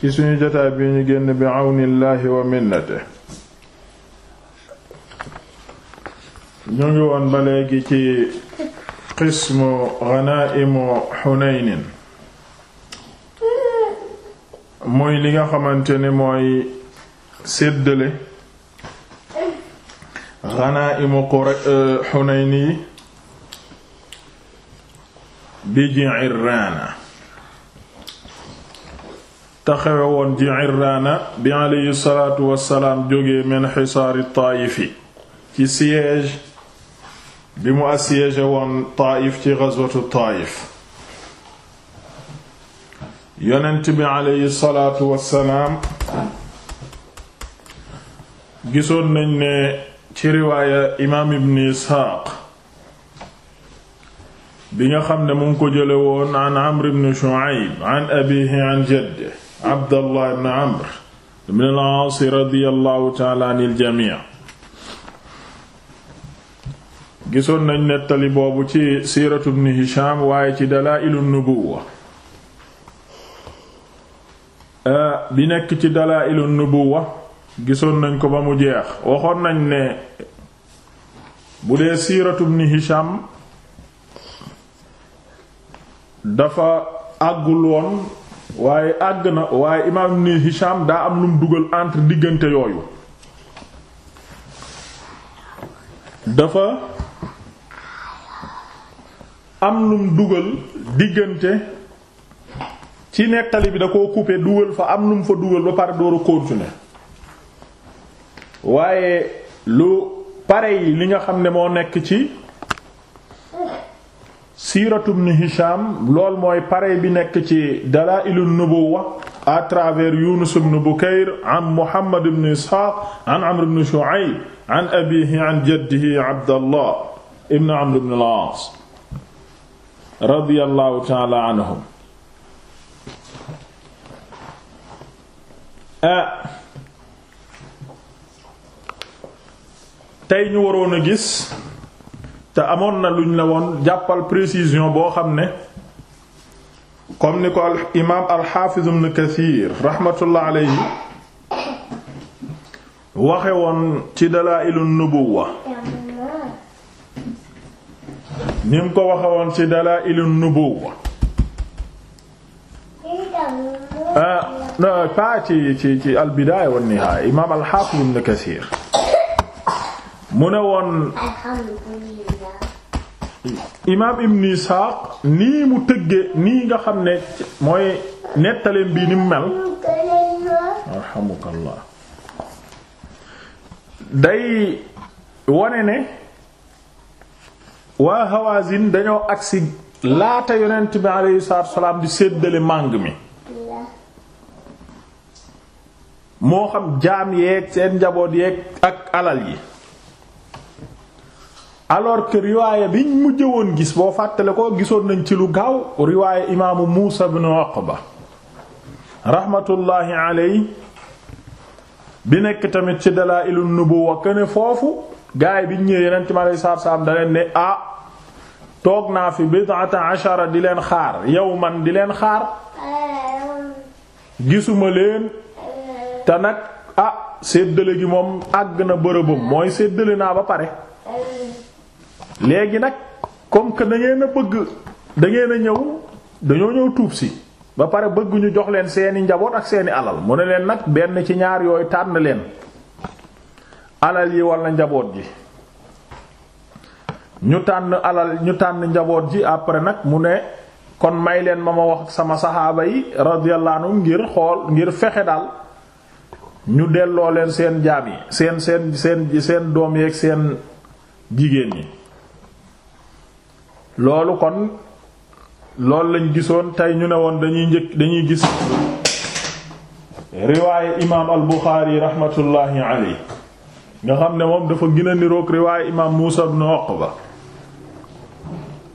ci suñu jotaay bi ñu génn bi àwnillaahi wa minnate ñu ngi woon ba léegi ci qismu ghanaaimu Hunaynin muy li nga xamante ni mooy séddale ghanaaimu euh, Hunayn yi bi Ji'irraana te xewe woon ci Irana bi aleyhi salaatu wassalaam jógee min xisaari taayifi ci siège bi mu assiégé woon taayif ci gazwatu taayif yonent bi aleyhi salaatu wassalaam gisoon nañ ne ci ibn isxaaq bi nga xam ne mu ngi ko jële woon an amr ibn shu'ayb an abiihi an jaddihi abdallah ibn amr ibn al-aas radiyallahu taala anil jamii gisoon nañ nettali boobu ci siiratu ibn hisham waaye ci dalaa'ilu nubuwa bi nekk ci dalaa'ilu nubuwa gisoon nañ ko ba mu jeex waxoon nañ ne bu dee siiratu ibn hisham dafa àggul woon waaye àgg na waaye imaam ibn Hisham daa am lu mu dugal entre diggante yooyu dafa am lu mu dugal diggante ci nettali bi da koo couper dugal fa am lum fa dugal ba pare dooru continuer waaye lu pare yi li nga xam ne moo nekk ci siiratu ibn Hisham lool mooy pare bi nekk ci Dalaa'il an-Nubuwwa à travers Yunus ibn Bukayr an Muhammad ibn Ishaq an Amr ibn Shu'ayb an abiihi an jaddihi Abdallah ibn Amr ibn al-Aas radiyallahu ta'ala anhum tey ñu waroon a gis te amoon na luñ la woon jàppal précision boo xam ne kom ni ko al imaam alxaafiz ibn kathir rahmatullah alayhi waxe woon ci dalaa'ilu nubuwa ni mu ko waxe woon ci dalaa'ilu nubuwa ah, paa ci ci ci al bidaaya wan nihaaya imaam alxaafiz ibn kathir mu ne woon imaam ibn Isxaaq nii mu tëgge nii nga xam ne mooy nettaleen bii ni mu mel alxamukallah day wone ne waa Hawazin dañoo agsi laata yonent bi aleyhi salaatu di séddale màng mi moo xam yee yeeg seen njaboot yee ak alal yi alors que riwaaya biñ mujj woon gis boo fàttale ko gisoon nañ ci lu gaaw riwaaya imaamu Muusa ibn Uqba rahmatullahi alayhi bi nekk tamit ci Dalaa'ilu Nubuwwa ne foofu gaay biñ ñëwee Yonent ci alayhi salaatu salaam da ne ah toog naa fi bid'ata ashara di leen xaar yow di leen xaar gisuma leen te nag ah séddale gi moom àgg na bërëbam mooy séddale naa ba pare léegi nag comme que da bëgg dangeen a ñëw dañoo ñëw tuub si ba pare bëgguñu jox leen seeni njaboot ak seeni alal mu ne leen nag benn ci ñaar yooyu tànn leen alal yi walla njaboot ji ñu tànn alal ñu tànn njaboot ji après nag mu ne kon may leen ma ma wax sama saxaaba yi radiyallahu anhum ngir xool ngir fexe daal ñu delloo leen seen jaam yi seen seen seen seen doom yeeg seen jigéen ñi loolu kon loolu lañ gisoon tey ñu ne woon dañuy njëkk dañuy gis riwaaye imaam al Buxaari raxmatullaahi aley nga xam ne moom dafa gën a niroog riwaaye imaam Muusa ibn Uqba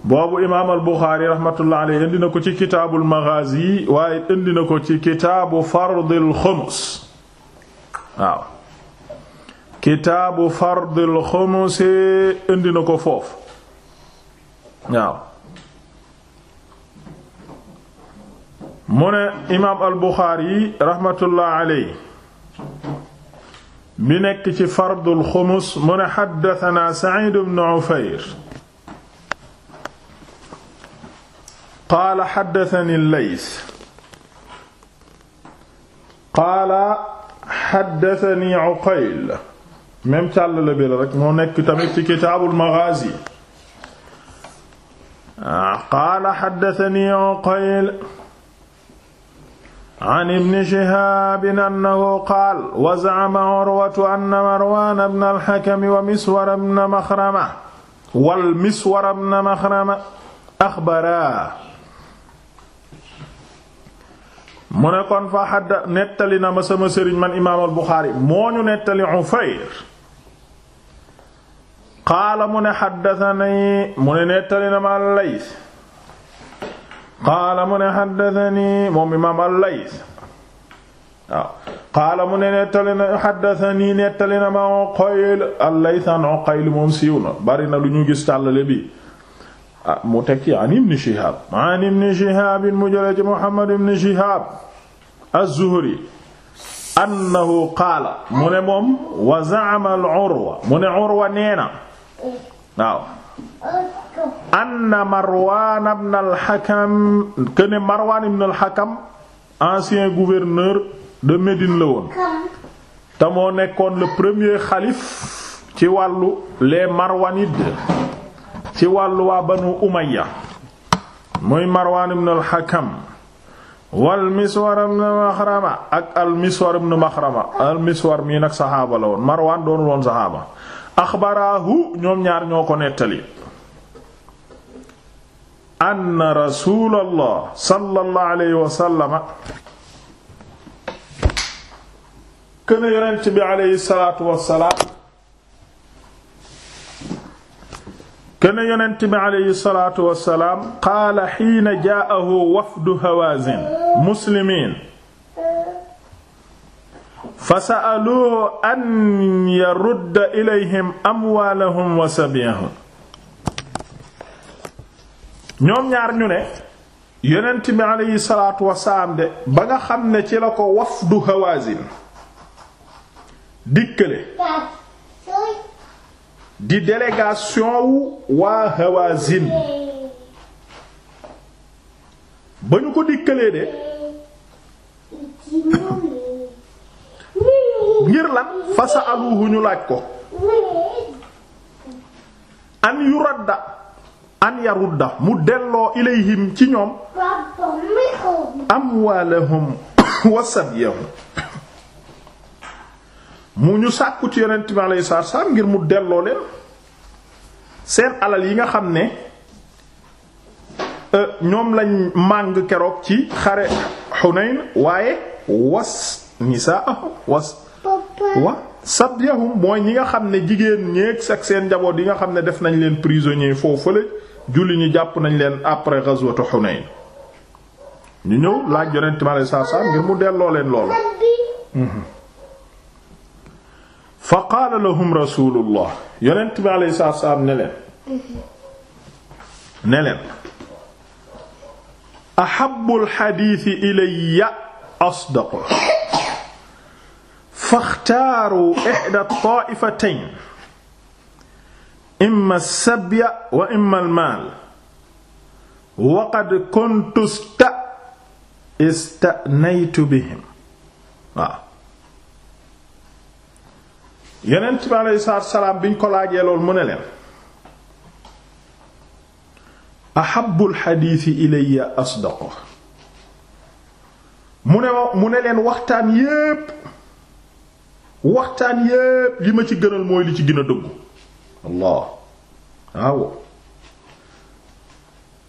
boobu imaam al raxmatullaahi aley indi na ko ci kitaabul Maghaazi waaye indi na ko ci kitaabu fardil xumus waaw kitaabu fardil xumus indi na ko foofu waaw mu ne imaam al Buxaari raxmatullah aley bi nekk ci fardul xumus mu ne xaddatanaa Saciid bnu Cufayr qaala xaddatani Lays qaala xaddatani Cuqayl même càll la bi la rek moo nekk tamit ci kitaabul Maghaazi qaala xaddatani Uqayl an ibni Shihaabin annahu qaal wa zacama Urwatu anna Marwaana bna al-Hakami wa Miswara bna Maxrama wal Miswara bna Maxrama axbaraa mu ne kon fa xadda nettali na ma sama sëriñ man imaam al-Buxaari moo ñu nettali Ufayr qaala mu ne xaddatani mu ne nettali na ma allays qaala mu ne xaddatani moom imaam allays waaw qaala mu ne nettali na xaddatani nettali na ma Uqayl allays an Uqayl moom siiw na bari na lu ñu gis tàllale bi ah, mu tekki an ibn Shihab an ibn Shihab mu jële ci Muhammad ibn Shihab az-Zuhri annahu qaala mu ne moom wa za'ama al-Urwa mu ne Urwa neena waaw anna Marwan ibn al-Hakam kene Marwan ibn al-Hakam ancien de Médine la woon te moo nekkoon le premier xalif ci wàllu les Marwanides ci wàllu waa Banu Umayya muy Marwan ibn al wal Miswar ibn Maxrama ak al Miswar ibn Maxrama al Miswar mii nag saxaaba la woon Marwan doonul woon saxaaba axbaraahu ñoom ñaar ñoo ko nettali anna rasuulallah sallallahu alayhi wa sallama këna yonent bi alayhi salaatu wassalaam këna yonent bi alayhi salaatu wassalaam qaala xiina jaa'ahu wafdu hawaazin muslimiin fa sa'aluhu an yarudda ilayhim amwaalahum wa sabi'ahum ñoom ñaar ñu ne yonent bi aleyhi salaatu de ba nga xam ne ci la ko wafdu Hawazin dikkale di délégation wu waa Hawazin ba ñu ko dikkalee de ngir lan fa sa'aluhu ñu laaj ko an yuradda an mu delloo ilayhim ci ñoom amwaalahum wa sabyahum mu ñu sàkku ci yonent bi alayhi salaatu ngir mu delloo leen seen alal yi nga xam ne euh, ñoom lañ màng keroog ci xare Hunayn waaye was nisaa'ahum was wa sabyahum mooy ñi nga xam ne jigéen ñeeg ak seen njaboot yi nga xam ne def nañ leen prisonnier foofu fële julli ñu jàpp nañ leen après ghazwatu Hunayn ñu ñëw laaj yonent mi alayhi salaatu ngir mu delloo leen loolu mm-hmm. fa qaala lahum rasulullah yonent bi alayhi salaatu salaam ne leen mm-hmm. ne leen ahabbul hadiisi ilayya asdaqu faxtaaru ihda taa'ifatayn imma sabya wa imma almaal wa qad kuntu istanaytu bihim waaw yonent bi aleyhi salaatu salaam biñ ko laajee lool mu ne leen ahabbul xadiisi ilayya asdaqu mu ne mu ne leen waxtaan yépp waxtaan yépp li ma ci gënal mooy li ci gin a dëggu allah waaw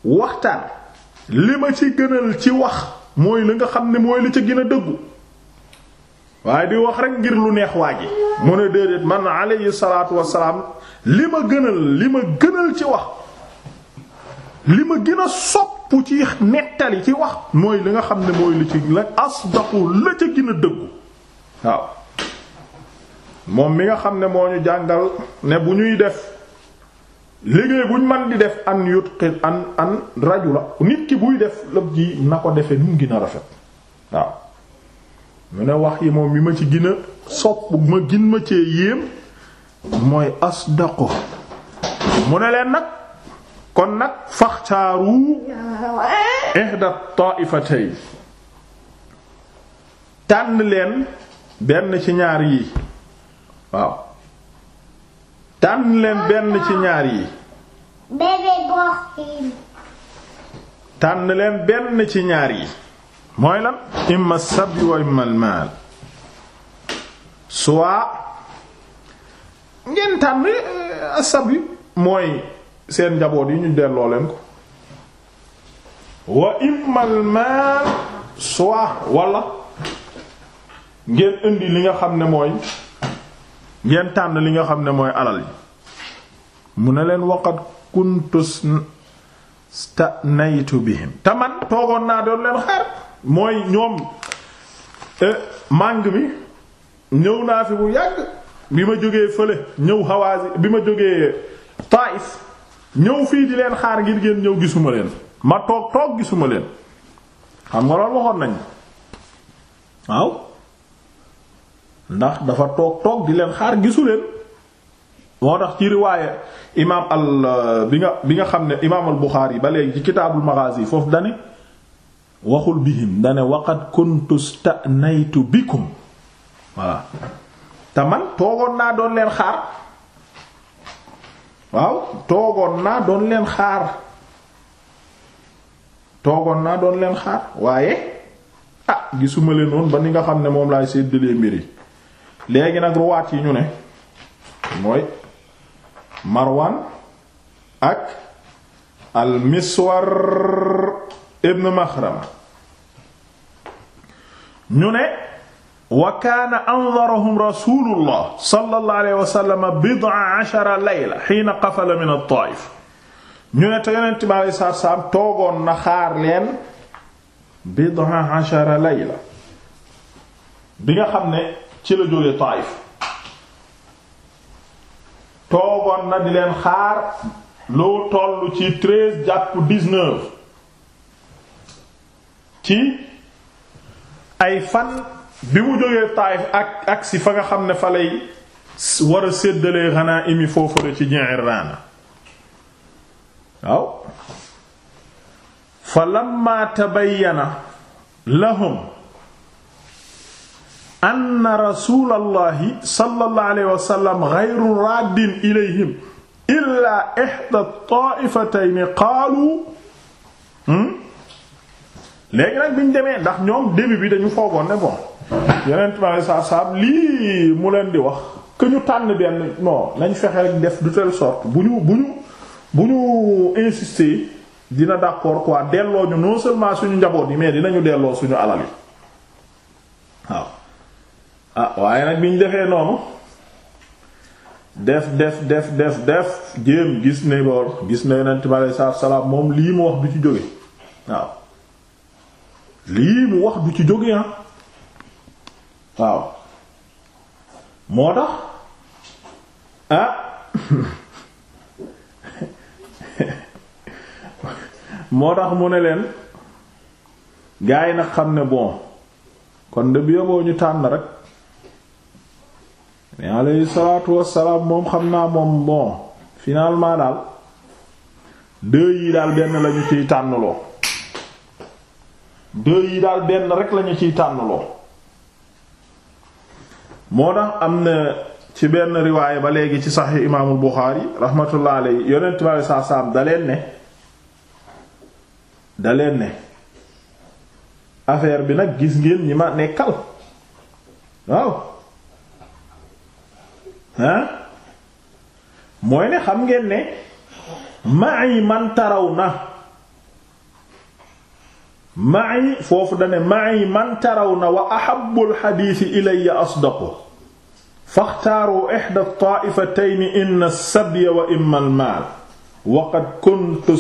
waxtaan li ma ci gënal ci wax mooy li nga xam ne mooy li ci gën a dëggu waaye di wax rek ngir lu neex waa ji mu ne déedéet man alayhi salaatu wassalaam li ma gënal li ma gënal ci wax li ma gën a sopp ci nettali ci wax mooy li nga xam ne mooy li ci la asdaqu la ca gën a dëggu waaw moom mi nga xam ne moo ñu jàngal ne bu ñuy def liggéey buñ man di def an yutqin an an rajula nit ki buy def lëb ji na ko defee nu mu a rafet waaw mu ne wax yi moom mi ma ci gën a sopp ma gin ma ci yéem mooy asdaqo mu ne leen nag kon nag faxtaaru ihda ta'ifatay tànn leen benn ci ñaar yi waaw tànn leen benn ci ñaar yi tànn leen benn ci ñaar yi mooy lan imma sabyi wa imma maal soit ngeen tànn eh, sabyi mooy seen njaboot yi ñu delloo leen ko wa imma maal soit wala ngeen indi li nga xam ne mooy ngeen tànn li nga xam ne mooy alal yi mu ne leen waqat kuntus stanaytu bihim te man toogoon naa doon leen xaar mooy ñoom e, màng mi ñëw naa bu yàgg bi ma jógee fële ñëw Hawazi bi ma jógee Taif ñëw fii di leen xaar ngir ngeen ñëw gisuma leen ma toog toog gisuma leen xam nga loolu waxoon nañ waaw ndax dafa toog toog di leen xaar gisu leen moo tax ci riwaaye imaam al euh, bi nga bi nga xam ne imaam al yi ba léegi ci kitaabul Maghaazi foofu dane waxul bi dane waqad kuntu stanaytu bikum voilà te man toogoon naa doon leen xaar waaw toogoon naa doon leen xaar toogoon naa doon leen xaar waaye ah gisuma leen woon ba ni nga xam ne moom laay séddalee mbir yi léegi nag ruwaat yi ñu ne mooy marwan ak al miswar ibn maxrama ñu ne wa kaana anzarahum rasulullah sallallahu alayhi wa sallam bid'a ashara layla hiina qafala min at-taa'if ñu ne te yonent bi alayhi salaatu salaam toogoon na xaar leen bid'a ashara layla bi nga xam ne ci la jóge Taayif toogoon na di leen xaar loo toll ci treize jàpp dix ci ay fan bi mu jógee Taayif ak agsi fa nga xam ne fa lay war a séddalee xanaa imi foofu la ci Ji'irraana waaw fa lamma tabayyana lahum anna rasulallahi sallallahu alayhi wa sallam ghayru raddin ilayhim illa ihda ta'ifatayni qaalu hmm? léegi nag biñ demee ndax ñoom début bi dañu foogoon ne bon yeneen ma sa saab lii mu leen di wax que ñu tànn benn non nañ fexe rek def de telle bu ñu bu ñu bu ñu insister dina d'accord quoi delloo ñu non seulement suñu njaboot yi mais dinañu delloo suñu alal yi waaw ah waaye nag bi ñu defee noonu def def def def def jéem gis ne boor gis ne yonent bi aleyhi salaatu salaam moom lii mu wax du ci jóge waaw lii mu wax du ci jóge ah waaw moo tax ah. moo tax mu ne leen gaa yi nag xam ne bon kon de bi yoboo ñu tànn rek mais alayhi salaatu wassalaam moom xam naa moom bon finalement daal deux yi daal benn lañu ciy tànnloo deux yi daal benn rek lañu ciy tànnloo moo tax am na ci benn riwaay ba léegi ci saxi imaamul Buxaari rahmatullah alayhi yonent bi alayhi salaatu wassalaam da leen ne da leen ne affaire bi nag gis ngeen ñi ma nekkal waaw ah mooy ne xam ngeen ne ma'i man tarawna ma'i foofu dane ma'i man tarawna wa ahabbu al-hadith ilayya asdaqu faxtaaru ihda at-ta'ifatayni inna as-sabya wa imma al-mal wa qad kuntu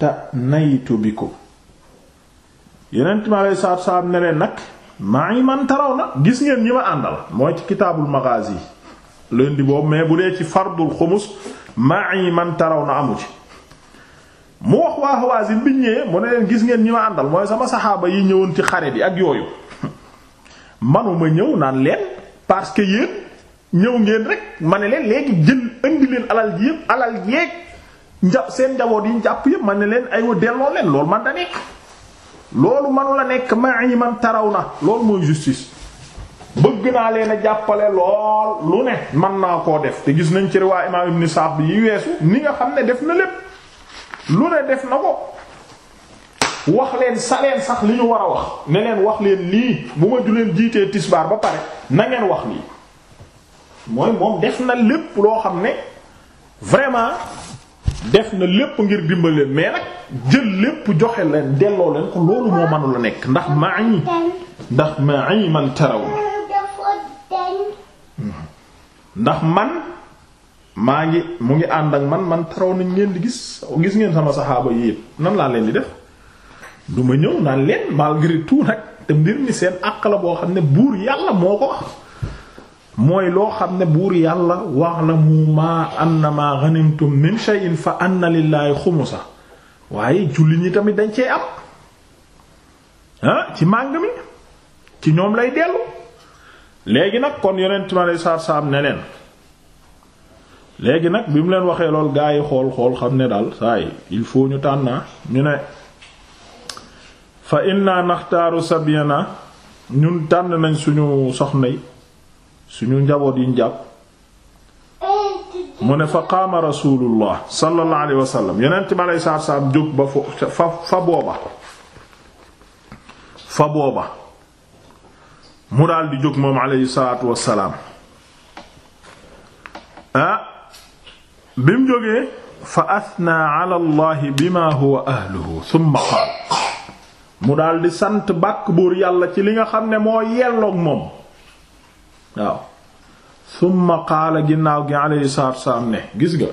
stanaytu bikum yeneen mi alei saatu salaam ne leen nag maa ngi man taraw na gis ngeen ñi ma àndal mooy ci kitaabul maghazi di boobu mais bu dee ci fardul xumus maa ngi man taraw na amu ci mu wax waa Hawazin biñ ñëwee mu ne leen gis ngeen ñi ma àndal mooy sama saxaaba yi ñëwoon ci xare bi ak yooyu manuma ñëw naan leen parce que yéen ñëw ngeen rek ma ne leen léegi jël indi leen alal ji yépp alal jeeg nja seen njaboot yi ñu jàpp yépp ma ne leen aywa delloo leen loolu man loolu manu la nekk ma'i man taraw na loolu mooy justice bëgg naa leen a jàppale lool lu ne man naa koo def te gis nañ ci riwaa imaam ibn Sa'd bi yi weesu ni nga xam ne def na lépp lu ne def na ko wax leen sa leen sax li ñu war a wax ne leen wax leen lii bu ma ju leen jiitee tisbaar ba pare na wax lii mooy moom def na lépp loo xam ne vraiment def na lépp ngir dimbali leen mais nag jël lépp joxe leen delloo leen ko loolu moo mënula nekk ndax ma'i ndax ma'i man taraw ndax man maa ngi mu ngi ànd ak man man taraw nañ ngeen di gis gis ngeen sama saxaaba yi nan laa leen di def du ma ñëw naan leen malgré tout nag te mbir mi seen àq la boo xam ne buur yàlla moo ko wax mooy loo xam ne buur yàlla wa'lamu ma annama ghanimtum min shay'in fa anna lillahi xumusa waaye julli ñi tamit dañ cee am ah ci màng mi ci ñoom lay dellu léegi nag kon yonent ma lay saar saam ne leen léegi nag bi mu leen waxee lool gaa yi xool xool xam ne daal saay yi il faut ñu tànn ñu ne fa inna naxtaaru sabyana ñun tànn nañ suñu soxna suñu njaboot yi ñu jàpp mu ne fa qaama rasulullah sallallahu alayhi wa sallam yonent bi aleyhi salaatu jóg ba fa fa booba fa booba mu daldi jóg moom aleyhi salaam ah, bi mu jógee fa athnaa ala allahi bima huwa ahluhu thumma qaala mu daal sant bàkk buur yàlla ci li nga xam ne moo yelloog moom. waaw summa qaala ginnaaw gi alayhi salaatu wassalaam ne gis nga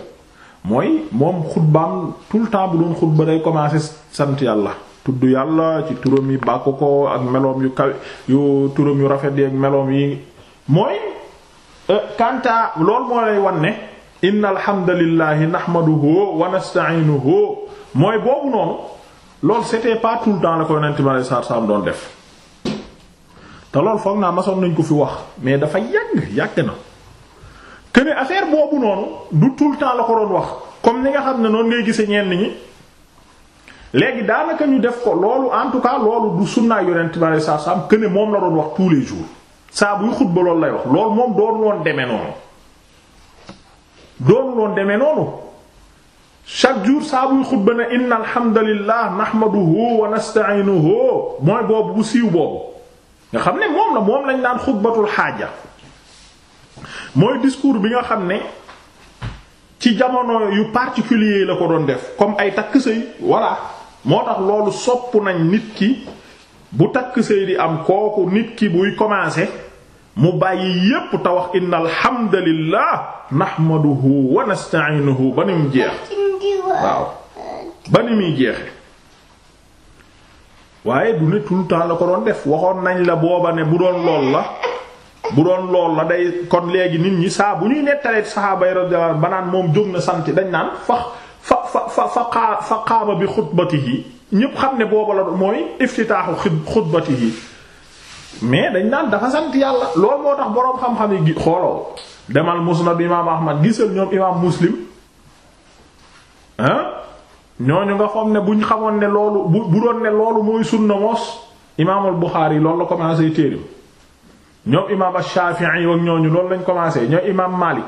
mooy moom xutbaam tout le temps bu doon xutba day commencer sant yàlla tudd yàlla ci turam yi bàkk ko ak meloom yu kaw yu turam yu rafet yi ak meloom yi mooy euh, kanta lool moo lay wan ne inna alhamdulillahi nahmaduhu wa nasta'inuhu mooy boobu noonu loolu c'était pas tout le temps la ko yonent ma alayhi salaatu wassalaam doon def te lool foog naa masoon nañ ko fi wax mais dafa yàgg yàgg na que ne affaire boobu noonu du tout le temps la ko doon wax comme ni nga xam ne noonu ngay gisee ñenn ñi léegi daanaka ñu def ko loolu en tout cas loolu du sunnaay yonent bi alayhi salaatu salaam que moom la wax tous les jours saa xutba loolu lay wax loolu moom doonu woon demee noonu doonu woon demee noonu. chaque jour saa buy xutba ne inna alhamdulillah nahmaduhu wa nasta'inuhu mooy boobu bu siiw boobu. nga xam ne moom la moom lañu naan xutbatul xaaja mooy discours bi nga xam ne ci jamono yu particulier la ko doon def comme ay takk sëy voilà moo tax loolu sopp nañ nit ki bu takk sëy di am kooku nit ki buy commencer mu bàyyi yépp te wax inna alhamdulillah nahmaduhu wa nasta'inuhu ba ni mu jeex waaw ba ni muy jeexe waaye du ne tout le temps la ko doon def waxoon nañ la booba ne bu doon lool la bu doon lool la day kon léegi nit ñi saabu bu ñuy nettalee saxaaba yi radiyallahu anhum banaan moom jóg na sant dañ naan fa fa fa fa fa qaama bi xutbatihi ñépp xam ne booba la mooy iftitaaxu yi mais dañ naan dafa sant yàlla loolu moo tax boroom xam-xam yi xooloo demal musnad imaam ahmad gisal ñoom imaam muslim ah ñooñu nga xam ne bu ñu xamoon ne loolu bu bu doon ne loolu mooy sunna moos imaamul yi loolu la commencé téerim ñoom imaam Shaafi'i ak ñooñu loolu lañ commencé ñoom imaam Maalik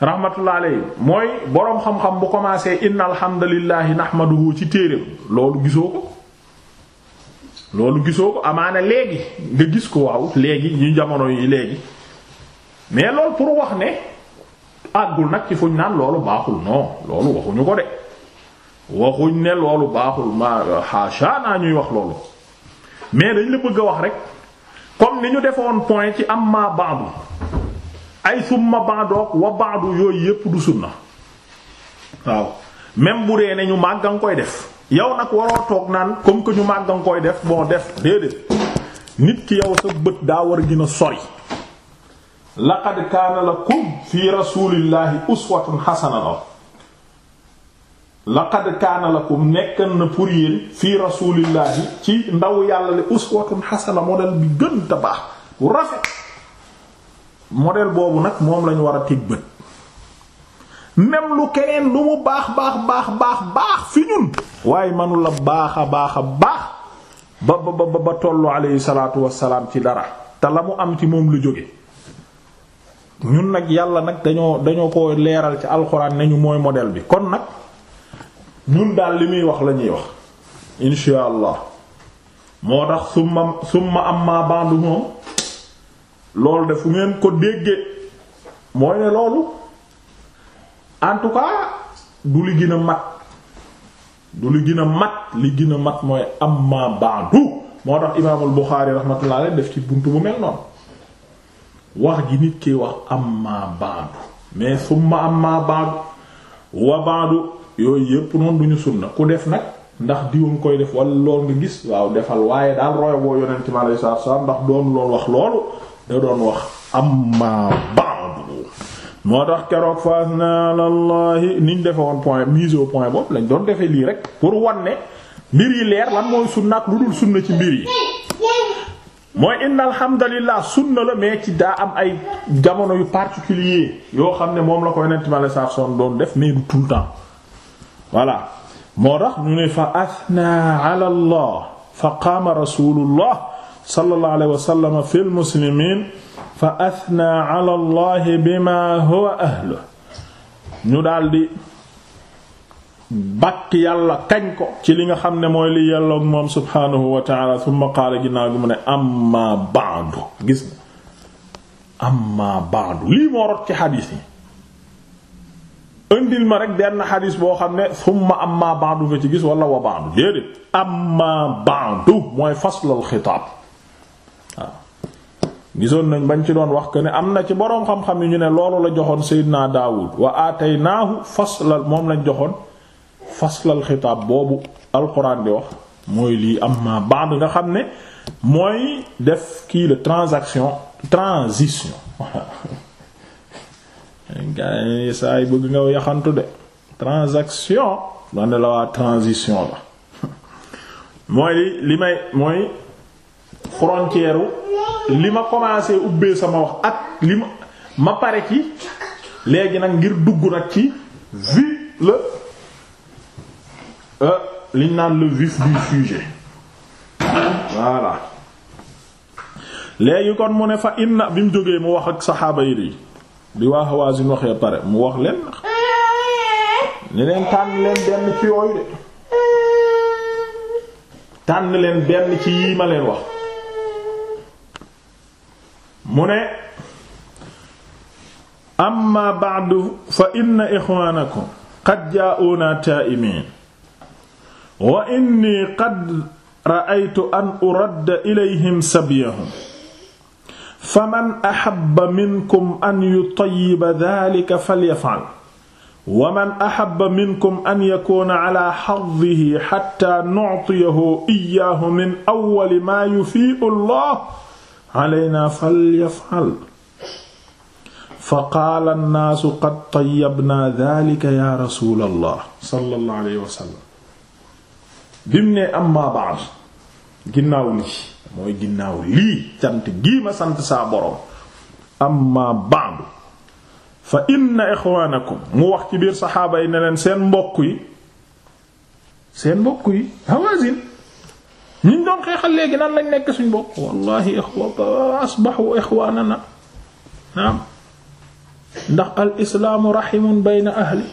rahmatullahi alayhi mooy boroom xam-xam bu commencé innal hamdalillahi nahmaduhu ci téerim loolu gisoo ko loolu gisoo ko amaana léegi nga gis ko waaw léegi ñu jamono yi léegi mais loolu pour wax ne àggul nag ci fuñ naan loolu baaxul non loolu waxuñu ko de waxuñ ne loolu baaxul ma xaasha naa ñuy wax loolu mais dañ la bëgg a wax rek comme ni ñu defoon point ci am ma baadu ay summa baadoog wa baadu yooyu yépp du na waaw même bu dee ne ñu màgg koy def yow nag waroo toog naan comme que ñu màgg nga koy def bon def déedéet nit ki yow sa bët daa war a gën a sori laqad kaana lakum fi rasulillahi uswatun hasana laqad kaana la lakum nekkan na pour yéen fii rasulillahi ci ndaw yàlla li uswatun xasana modèle bi gën ta baax bu rafet model boobu nag moom lañu war a teg bët même lu keneen lu mu baax baax baax baax waaye manu la baax baax a baax ba ba ba ba tollu alayhi salaatu wassalaam ci dara te la mu am ci moom lu jóge ñun nag yàlla nag dañoo dañoo ko leeral ci alxuraan nañu mooy model bi kon nag ñun daal li muy wax la ñuy wax insha allah moo tax summa summa amma ba'du moom loolu de fu ngeen ko déggee mooy ne loolu en tout cas du li gën a mat li gën a mat li gën a mat mooy amma ba'du moo tax imaamul Buxaari rahmatullah def ci buntu bu mel noonu wax ji nit ki wax amma ba'du mais summa amma ba'du wa ba'du yooyu yëpp noonu duñu sunna ku def nag ndax di diwum koy def wala lool nga gis waaw defal waaye daal royo boo yonent mi alayhi salaatu salaam ndax doon lool wax loolu da doon wax amma ba'du moo tax keroog faas na lallaahi ñu defe woon point mise au point boobu lañ doon defee lii rek pour wanne mbir yi leer lan mooy sunna ak lu dul sunna ci mbir yi mooy inna alhamdulillah sunna la mais ci daa am ay jamono yu particulier yoo xam ne moom la ko yonent mi alayhi salaatu salaam doon def mais tout le temps voilà moo tax ñu ne fa athna ala allah fa qaama rasulullah sallallahu alayhi wa sallam fi lmuslimin fa athna ala allah bima huwa ahlu ñu daldi bàkk yàlla kañ ko ci li nga xam ne mooy li yàlla moom subhaanahu wa taala thumma qaala ginnaaw ne amma ba'du gis na amma ba'du lii moo rot ci xadiis indil ma rek benn xadis boo xam ne summa ma ba'du nga ci gis wala wa ba'du déedéet amma ba'du mooy faslal xitaab waaw gisoon nañ bañ ci doon wax que ne am na ci boroom xam-xam yi ñu ne loolu la joxoon Seydina Daawud wa ataynaahu faslal moom lañ joxoon faslal xitaab boobu alxuraan di wax mooy lii am amma ba'du nga xam ne mooy def kii la transaction transition gaay saa yi bëgg nga yaxantu de transaction man la waa transition la mooy li li may mooy frontière li ma commencé ubbee sama wax ak li ma ma pare ki léegi nag ngir dugg nag ci vif euh, liñ naan le vif du sujet voilà léegi kon mu ne fa inna bi mu jógee mu wax ak saxaaba yi bi waa Hawazin waxee pare mu wax leen ni leen tànn leen benn ci yooyu de tànn leen benn ci yii ma leen wax mu ne amma ba'du fa inna ixwaanakum qad jaa'uuna taa'imiin wa inni qad ra'aytu an uradda ilayhim sabyahum faman axabba minkum an yutayyiba daalika falyafal wa man axabba minkum an yakuuna calaa xaddihi xattaa nuctiyahu iyaahu min awwali maa yufii'u allah calaynaa falyafal faqaala annaasu qad tayyabnaa daalika yaa rasuula allah sallallahu alayhi wa sallam bim ne amma ba'd ginnaaw li mooy ginnaaw lii sant gii ma sant saa boroom amma ba'du fa inna ixwaanakum mu wax ci biir saxaaba yi ne leen seen mbokk yi seen mbokk yi hawazin ñiñ doon xeexal léegi nan lañ nekk suñ mbokk wallahi asbaxu ixwaanana naam ndax al islaamu raximun bayna ahli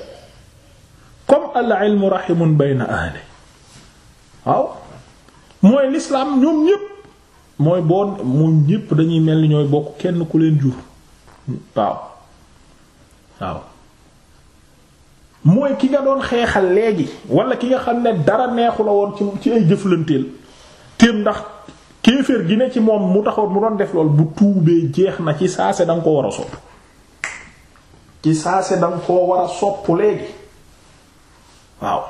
comme al ilmu raximun ahli waaw mooy lislaam ñoom ñépp mooy boo mu ñépp dañuy mel ni ñooy bokk kenn ku leen jur waaw waaw mooy ki nga doon xeexal léegi wala ki nga xam ne dara neexu la woon ci ci ay jëflanteel téem ndax kéeféer gi ne ci moom mu taxoon mu doon def lool bu tuubee jeex na ci saase danga koo war a sopp ci saase danga koo war a sopp léegi waaw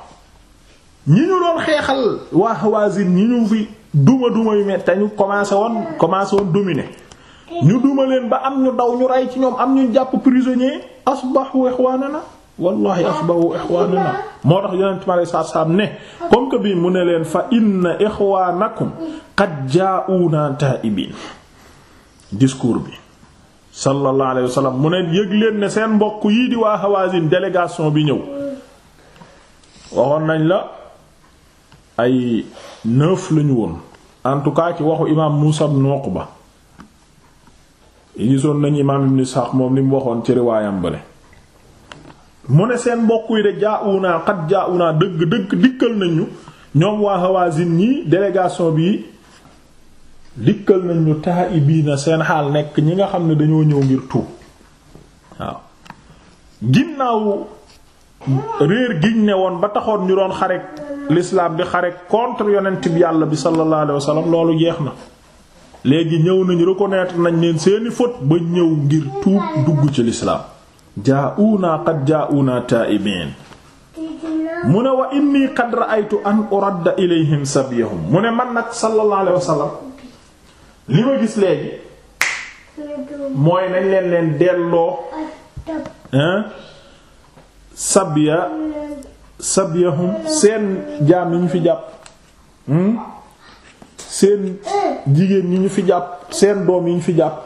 ñi ñu doon xeexal waa Hawazin ñi ñu fi duma duma yu met te ñu woon commencé woon dominer ñu duma leen ba am ñu daw ñu rey ci ñoom am ñu jàpp prisonnier asbahu ikhwanana wallahi asbahu ikhwanana moo tax yonent ma lay saab ne comme que bii mu ne leen fa inna ikhwanakum qad ja'una ta'ibin discours bi sallallahu alayhi wa sallam mu ne yëg leen ne seen mbokk yii di waa Hawazin délégation bi ñëw waxoon nañ la ay neuf lañu woon en tout cas ci waxu imaam Muusa ibn Uqba yi gisoon nañu imaam ibn Isxaaq moom li mu waxoon ci riwaayam bale mu ne seen mbokk yi de jaauna xat jaauna dëgg dëgg dikkal nañu ñoom waa Hawazin ñi délégation bi dikkal nañu taa'ibiina seen xaal nekk ñi nga xam ne dañoo ñëw ngir tuub waaw ginnaaw réer giñ ne woon ba taxoon ñu doon xare lislaam di xare contre yonent bi yàlla bi sallallahu alayhi wasallam loolu jeex na léegi ñëw nañu reconnaître nañ leen seeni faute ba ñëw ngir tuub dugg ci l'islam jaa'una qad jaa'una taa'ibin mu ne wa inni qad ra'aytu an uradda ilayhim sabiyahum mu ne man nag sallallahu alayhi wasallam li ma gis léegi mooy nañ leen leen delloo sabya sabyahum seen jaam yi ñu fi jàpp hmm? seen jigéen yi ñu fi jàpp seen doom yi ñu fi jàpp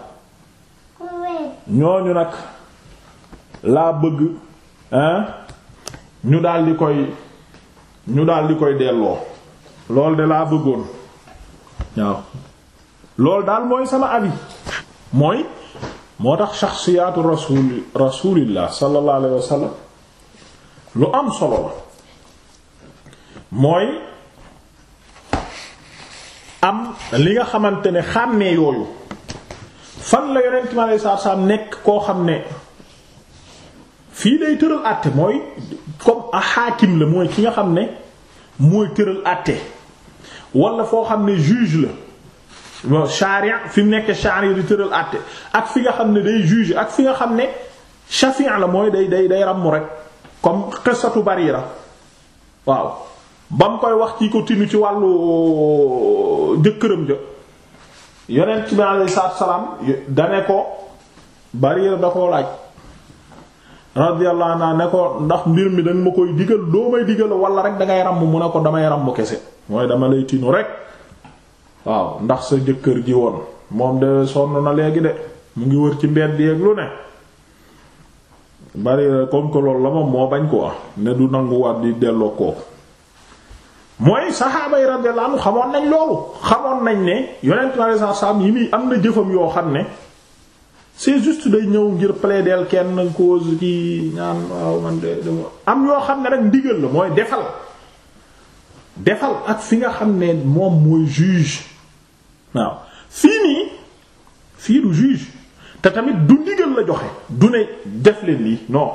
ñooñu nag laa bëgg hein ñu daldi koy ñu daldi koy delloo loolu de laa bëggoon waaw loolu daal mooy sama abi mooy moo tax shaxsiyaatu rasuul rasuulillah sallallahu alayhi wasallam lu am solo la mooy am li nga xamante ne xàmmee yooyu fan la yonent mi alayhi salaatu salaam nekk koo xam ne fii day tëral àtte mooy comme a xaakim la mooy ki nga xam ne mooy tëral àtte walla foo xam ne juge la bon charia fi mu nekk charia di tëral àtte ak fi nga xam ne day juge ak fi nga xam ne shafi'a la mooy day day day ràmmu rek. comme xisatu Barira waaw ba mu koy wax ci ko tinu ci wàllu euh, jëkkëram ja yonent bi alayhi salaatu salaam dane ko Barira da koo laaj radiyallahu anha ne ko ndax mbir mi danga ma koy digal doo may digal wala rek dangay ràmm mu ne ko damay ràmm kese mooy dama lay tinu rek waaw ndax sa jëkkër ji woon moom de sonn na léegi de mu ngi wër ci mbedd yeeg lu ne Barira comme que loolu la moom moo bañ ko ne du nanguwaat di delloo kooku mooy saxaaba yi radiyallahu xamoon nañ loolu xamoon nañ ne yonent bi sallallahu alayhi muy am na jëfam yoo xam ne c'est day ñëw ngir plaider kenn cause ci ñaan am yoo xam ne rek ndigal la mooy defal defal ak fi nga xam ne moom mooy juge waaw fii nii fii du juge te tamit du ndigal la joxe du ne def leen lii non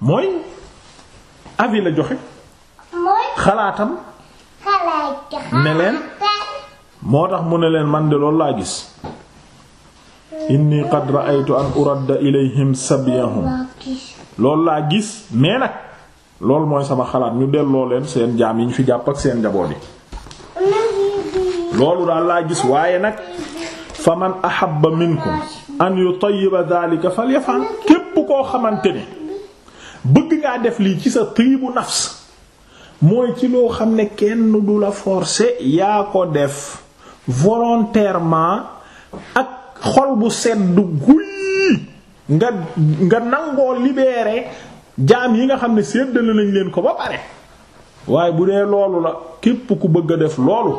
mooy avis la joxe xalaatam ne leen moo tax mu ne leen man de loolu laa gis inni qad ra'aytu an uradda ilayhim sabyahum loolu laa gis mais nag loolu mooy sama xalaat ñu delloo leen seen jaam yi ñu fi jàpp ak seen njaboot yi loolu daal laa gis waaye nag fa man ahabba minkum an yutayyiba dhalika falyafal képp koo xamante ni bëgg ngaa def lii ci sa tiibu nafs mooy ci loo xam ne kenn du la forcer yaa ko def volontairement ak xol bu sedd guy nga nangoo libérer jaam yi nga xam ne séddale nañ leen ko ba pare waaye bu dee loolu la képp ku bëgg a def loolu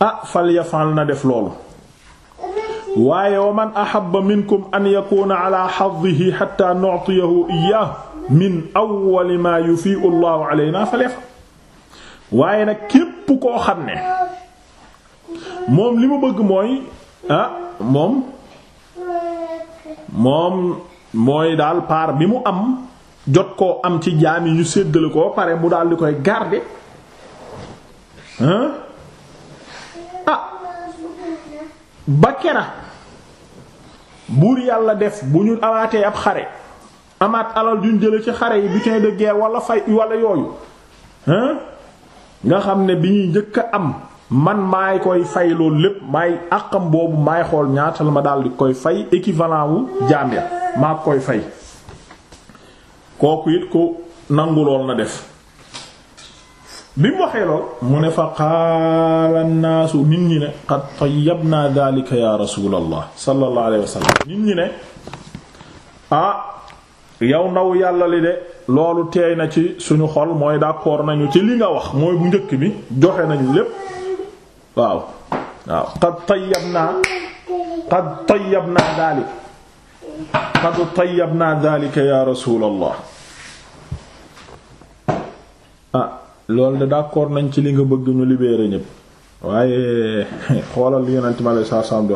ah falyafal na def loolu waaye wa man ahabba minkum an yakuna ala xaddihi xatta nu'tiyahu min awwali ma yufii'u Allahu alaynaa falefa waaye nag képp koo xam ne moom li mu bëgg mooy ah moom moom mooy daal part bi mu am jot koo am ci jaam yi ñu séddale ko pare mu daal di koy garder ah ba kera buur yàlla def bu ñu amaatee ab xare amaat alal duñ jële ci xare yi butin de guerre walla fay wala yooyu hein nga xam ne bi ñuy njëkk a am man maay koy fay loolu lépp maay àqam boobu maay xool ñaatal ma daal di koy fay équivalent wu jaam ya maa koy fay kooku it ko nangu lool na def bi mu waxee lool mu ne fa qaala nnaasu nit ñi ne qad tayyabna daalika ya rasuulallah sallallahu alayhi wa nit ñi ne ah yow ndaw yàlla li de loolu teey na ci suñu xol mooy d'accord nañu ci li nga wax mooy bu njëkk bi joxe nañu lépp waaw waaw qad tayyabna qad tayyabna daalika qad tayyabna daalika ya rasuulallah ah loolu de d'accord nañ ci li nga bëgg ñu libéré ñépp waaye xoolal li yonent mi alayhi salaatu salaam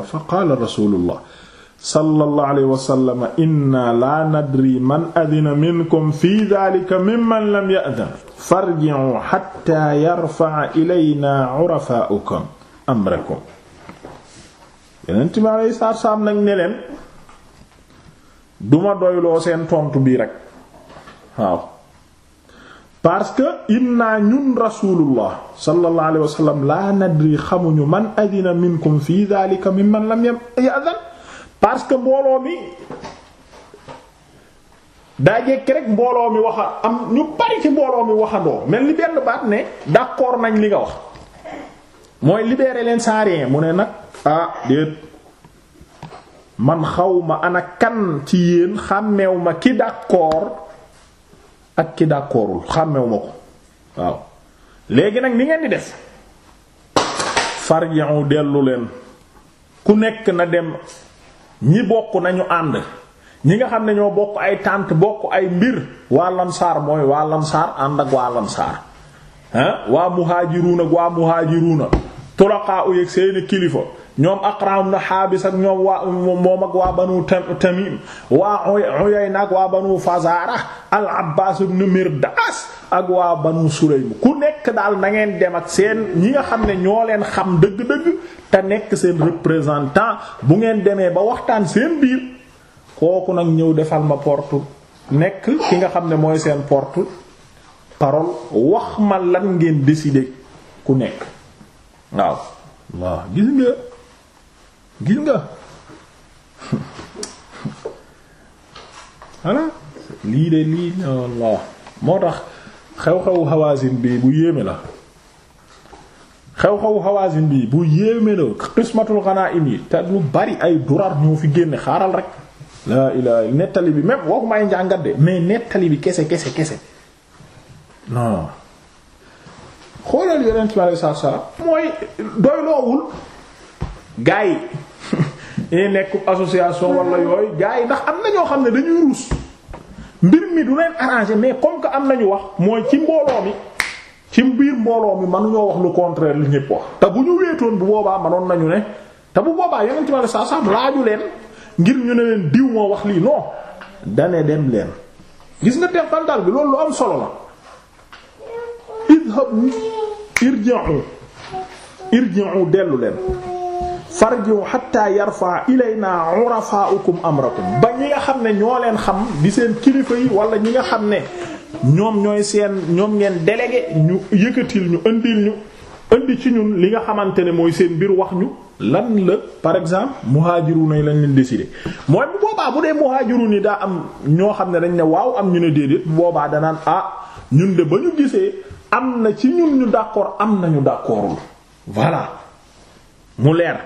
di wax inna laa nadri man adina minkum fi dhalika mimman lam ya'dhan farji'u hatta yarfa'a ilayna 'urafa'ukum amrakum yonent mi alayhi salaatu salaam nag duma doyloo seen tontu bi rek parce que inna ñun rasulullah sallallahu alayhi wa sallam la nadri xamuñu man adina minkum fi dhalika mimman lam ya'zan parce que mbooloo mi daa jekki rek mbooloo mi waxa am ñu bari ci mbooloo mi waxandoo mel ni benn baat ne d'accord nañ li nga wax mooy libérer leen sans mu ne nag ah déet man xaw ma ana kan ci yéen xàmmeew ma ki d'accord ak ki d'accordul xàmmewuma ko waaw léegi nag ni ngeen di def farji'u dellu leen ku nekk na dem ñi bokk nañu ànd ñi nga xam ne ñoo bokk ay tànt bokk ay mbir waa lamsaar mooy waa lamsaar ànd ak waa lamsaar ah waa muhaajiruuna ak waa muhaajiruuna tulaqaa u seeni kilifa ñoom Aqram na Haabis ak ñoom waa moom ak waa banu Tamim waa Uyayna ak waa banu Fazaara al Abbaas ibn Mirdaas ak waa banu Sulaym ku nekk daal na ngeen dem ak seen ñi nga xam ne ñoo leen xam dëgg-dëgg te nekk seen représentant bu ngeen demee ba waxtaan seen biir kooku nag ñëw defal ma portu nekk ki nga xam ne mooy seen portu parole wax ma lan ngeen décider ku nekk waaw waaw gis nga. gis nga voilà lii de lii Allah moo tax xew-xewu Hawazin bi bu yéeme la xew-xewu Hawazin bi bu yéeme la qismatul ghanaim yi te lu bari ay durar ñoo fi génne xaaral rek laa ilaa nettali bi même waxuma ay njàngat de mais nettali bi kese kese kese non xoolal yeneen ci ma mooy doy gaa yi i eh, nekkub association wala yooyu gaa yi ndax am na ñoo xam ne dañuy ruus mbir mi du leen arranger mais comme que am ñu wax mooy ci mbooloo mi ci biir mbooloo mi mënuñoo wax lu contraire li ñëpp wax te bu ñu weetoon bu boobaa manoon nañu ne te bu boobaa yeneen ci ma saa saa laaju leen ngir ñu ne leen diw moo wax lii non dane dem leen gis nga teqantal bi loolu am solo la idhabu irji'u irji'u dellu leen farjiu hatta yarfa ilayna urafaukum amrakum ba ñi nga xam ne ñoo leen xam di seen kilifa yi wala ñi nga xam ne ñoom ñooy seen ñoom ngeen délégué ñu yëkkatil ñu indil ñu indi ci ñun li nga xamante ne mooy seen mbir wax ñu lan la par exemple muhajiruna nañ lañ leen décidé mooy bu boobaa bu dee muhajirun yi daa am ñoo xam ne dañ ne waaw am ñu ne déedéet bu boobaa danaan ah ñun de ba ñu gisee am na ci ñun ñu d'accord am nañu d'accordul voilà mu leer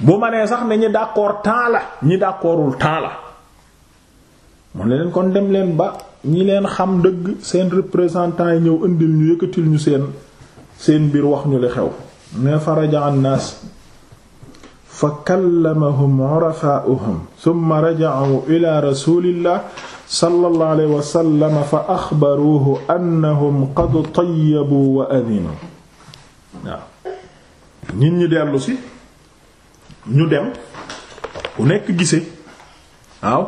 bu ma nee sax ne ñi d'accord temps la ñi d'accordul temps la mu ne leen kon dem leen ba ñi leen xam dëgg seen représentant yi ñëw indil ñu yëkkatil ñu seen seen mbir wax ñu li xew ne faraja an naas fa kallamahum urafaa'uhum thumma raja'u ila rasulillah sallallahu alayhi wa sallam fa axbaruuhu annahum qad tayyabu wa adinu waaw ñi dellu ñu dem ku nekk gise waaw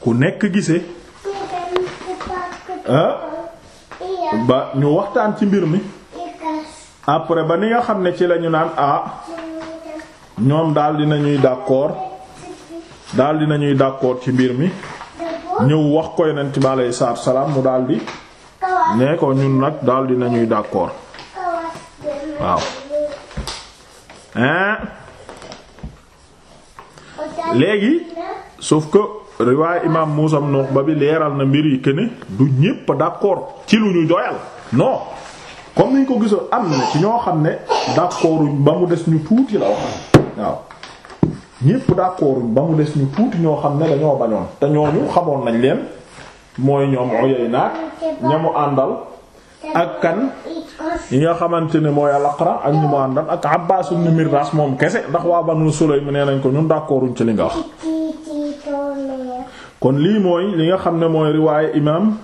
ku nekk gise ah. ba ñu waxtaan ci mbir mi après ba ni nga xam ne ci lañu naan ah ñoom daal di nañuy d'accord daal di nañuy d'accord ci mbir mi ñëw wax ko yonent bi aleyhi salaatu salaam mu daal di ne ko ñun nag daldi di nañuy d'accord waaw. léegi sauf ko riwaay imaam Muusa ibn Uqba bi leeral na mbir yi que ne du ñépp d'accord ci lu ñu doyal non comme ni ko gisoon am na ci ñoo xam ne d'accorduñ ba mu des ñu tuuti la wax waaw ñépp d'accorduñ ba mu des ñu tuuti ñoo xam ne dañoo bañoon te ñooñu xamoon nañ leen mooy ñoom Uyayna ñamu àndal. ak kan yi nga xamante ne mooy al ak ñu mu àndal ak Abbaas ibn Mirdaas moom kese ndax waa Banu Sulaym nee nañ ko ñun d'accorduñ ci li nga wax kon lii mooy li nga xam ne mooy riwaaye imaam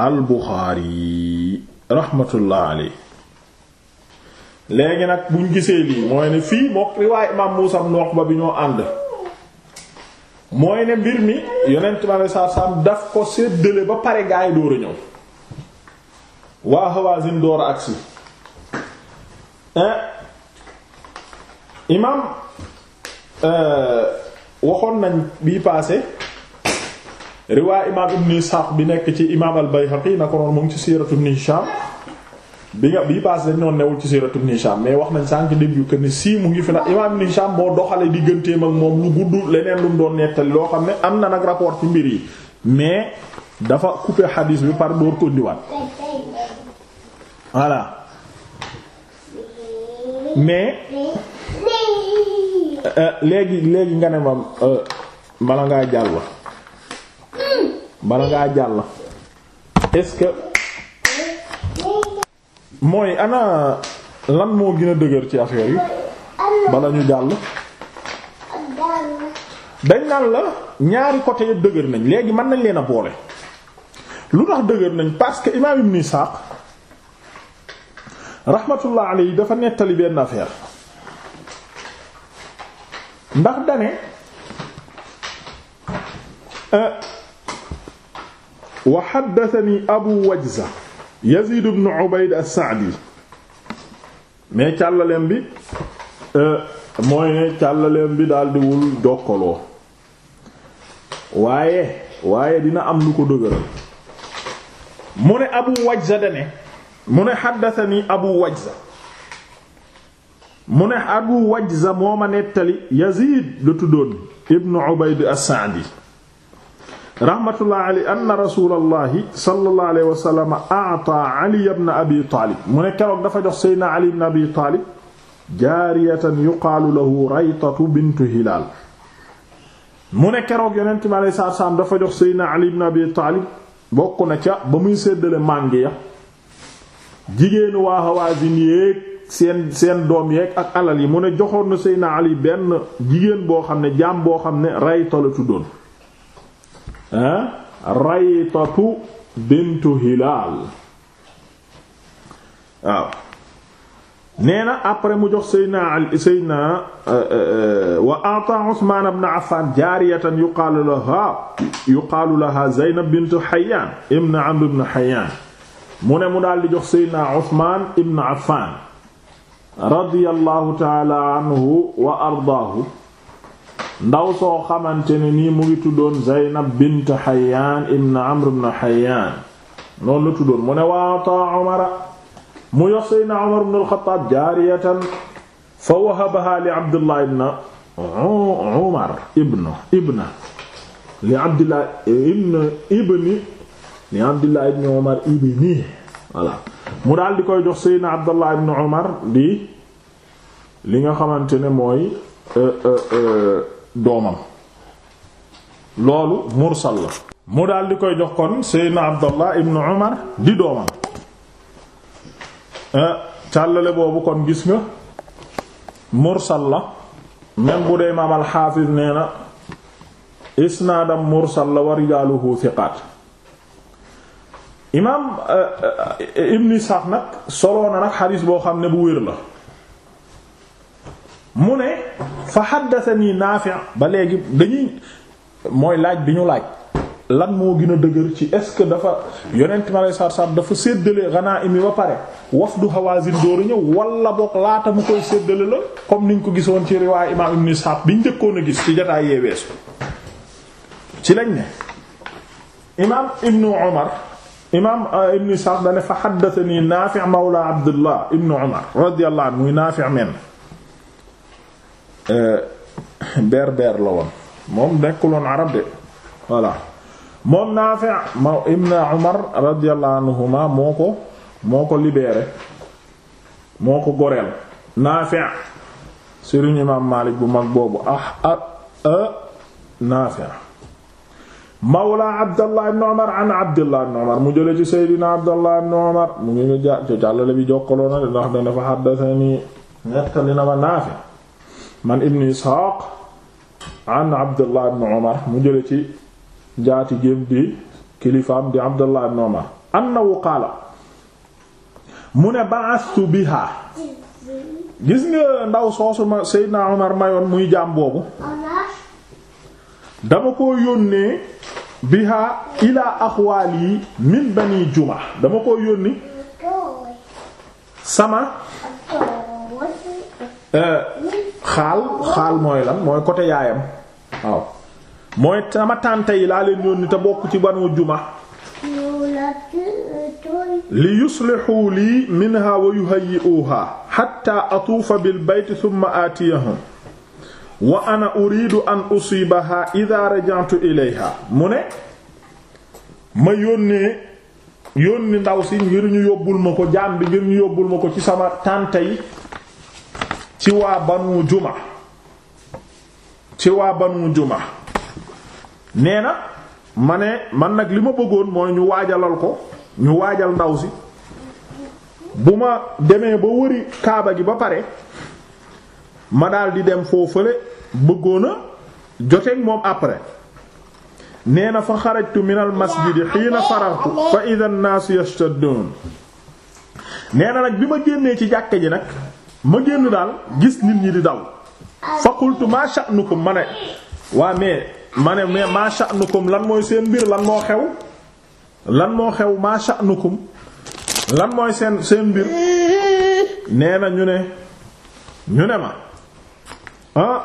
al-Buxaari rahmatullah alayhi nag buñ gisee lii mooy ne fii mook riwaaye imaam Muusaa ibn Uqba bi ñoo ànd mooy ne mbir mi yonent bi aleyhi salaatu daf ko séddale ba pare gaa yi door a ñëw waa Hawazin door a agsi eh, eh, waxoon nañ bi paase riwaay imaam Ibn Ishaq bi nekk ci imaam al-Bayhaqi na ko noonu mu ngi ci siiratu Ibn Hisham bi nga bii paase dañ noon newul ci siiratu Ibn mais wax nañ sànq début que ni sii mu ngi fi nag imaam Ibn Hisham moo doxale digganteem ak moom lu gudd leneen lu mu doon nettali loo xam ne am na nag rapport ci mbir yi mais dafa coupé xadiis bi par door ko ndiwaat mais euh, euh, léegi léegi nga ne ma euh, bala ngaa jàll bala ngaa jàll est mooy ana lan moo gën a dëgër ci affaire yi bala ñu jàll dañ naan la ñaari côté yëpp dëgër nañ léegi mën nañ leen a boole lu tax dëgër nañ parce que imaam Ibn Isaaq rahmatullah yi dafa nettali benn affaire ndax dane euh, wa haddathani Abu Wajza Yazid ibn Ubayd as-Sa'di mais càllaleem bi euh, mooy ne càllaleem bi daal diwul jokkaloo waaye waaye dina am lu ko dëgëral mu ne Abu Wajza dane mu ne xaddatani Abu Wajza mu ne Abu Wajza moo ma nettali Yazid la tuddoon ibn Ubayd as-Sa'di rahmatullah aley anna rasulallahi sallallahu alayhi wa sallam a'ta abi taalib mu ne keroog dafa jox seydna ali ibn abi taalib jaariyatan yuqaalu lahu raytatu bintu hilaal mu ne keroog yonent bi aleyhi salaam dafa jox seydna ali ibn abi taalib bokk na ca ba muy séddale màngi ya jigéenu waa Hawaazin yéeg seen doom yeeg ak alal yi mu ne joxoon na seydna ali benn jigéen boo xam ne jaam boo xam ne rayta la tuddoon raytatu bintu hilaal waaw nee na après mu jox seydna ali seydna euh, euh, euh, wa ata usman ibn affan jaariyatan yuqaalu laha yuqaalu laha zeynab bint hayyan ibn amr ibn hayyan mu ne mu daal di jox seydna usman ibn affan radiyallahu ta'ala anhu wa ardaahu ndaw soo xamante ni nii mu ngi tuddoon Zaynab bint Hayyan ibn Amr ibn Hayyan noonu la tuddoon mu ne waataa Umara mu yox Seydina Umar ibn al fa wahabaha li Abdullah ibn Umar ibn ibn mu daal di koy jox Abdullah ibn Umar di li nga xamante ne mooy euh, euh, euh, doomam loolu mursal la mu daal di koy jox kon seydna abdallah ibnu umar di doomam eh, càllale boobu kon gis nga mursal la même bu dee imaam alxaafis nee na mursal la wa rijaaluhu thiqaat imaam eh, eh, ibnu isxaaq nag soloo na nag xadiis boo xam ne bu wér la mu ne fa xaddasani Naafi' ba léegi dañuy mooy laaj bi ñu laaj lan moo gën a dëgër ci est-ce que dafa yonent mi alayhi dafa séddale ghanaa'im yi ba pare wafdu Hawaazin dooru ñëw wala boog laata mu koy séddale la comme niñ ko gisoon ci riwaay imaam Ibn bi biñ njëkkoon a gis ci jotaay yee weesu ci lañ ne imaam Ibn Umar imaam euh, Ibn Ishaaq da fa xaddasani Naafi' mawla Abdullah Ibn Umar radiyallahu anhu muy Naafi' men Euh, berber la woon moom dekkuloon arab de voilà moom Naafi ma ibn Umar radiyallahu moo ko moo ko libéré moo ko goreel Naafi sëriñ imaam Maalik bu mag boobu ah ah, ah mawla Abdallah ibn Umar mu jële ci Seydina Abdallah ibn Umar mu ngi nga jàll bi jokkaloo na ndax dana fa haddathani nettali na ma Naafi man ibnu isxaaq an abdullah ibn omar mu jële ci njaati géem di kilifaam di abdullah ibn omar annahu qaala mu ne ba'astu biha gis nga ndaw soosu ma seydna omar mayoon muy jaam boobu dama ko yónnee biha ila axwaali min bani juma dama ko yónni sama xaal xaal mooy lan mooy côté yaayam waaw mooy sama tànte yi laa leen yónni te bokk ci banu juma li yuslixu lii minha wa yuhayyi'uha hatta atuufa bil bayti thumma aatiyahum wa ana uridu an usibaha idha raja'tu ilayha mu ne ma yónnee yónni ndaw si ngir ñu yóbbul ma ko jaam bi ngir ñu yóbbul ma ko ci sama tànte yi ci waa banu juma ci waa banu juma nee na ma ne man nag li ma bëggoon mooy ñu waajalal ko ñu waajal ndaw si bu ma demee ba wëri kaaba gi ba pare ma daal di dem foofale bëggoon a joteeg moom après nee na fa xarajtu min al masjidi xiina faraxtu fa ida an naas yastaddun nee nag bi ma génnee ci jàkka ji nag ma génn daal gis nit ñi di daw fa qultu ma sha'nukum ma ne waa mais ma ne mais ma sha'nukum lan mooy seen mbir lan moo xew lan moo xew ma sha'nukum lan mooy seen seen mbir nee na ñu ne ñu ne ma ah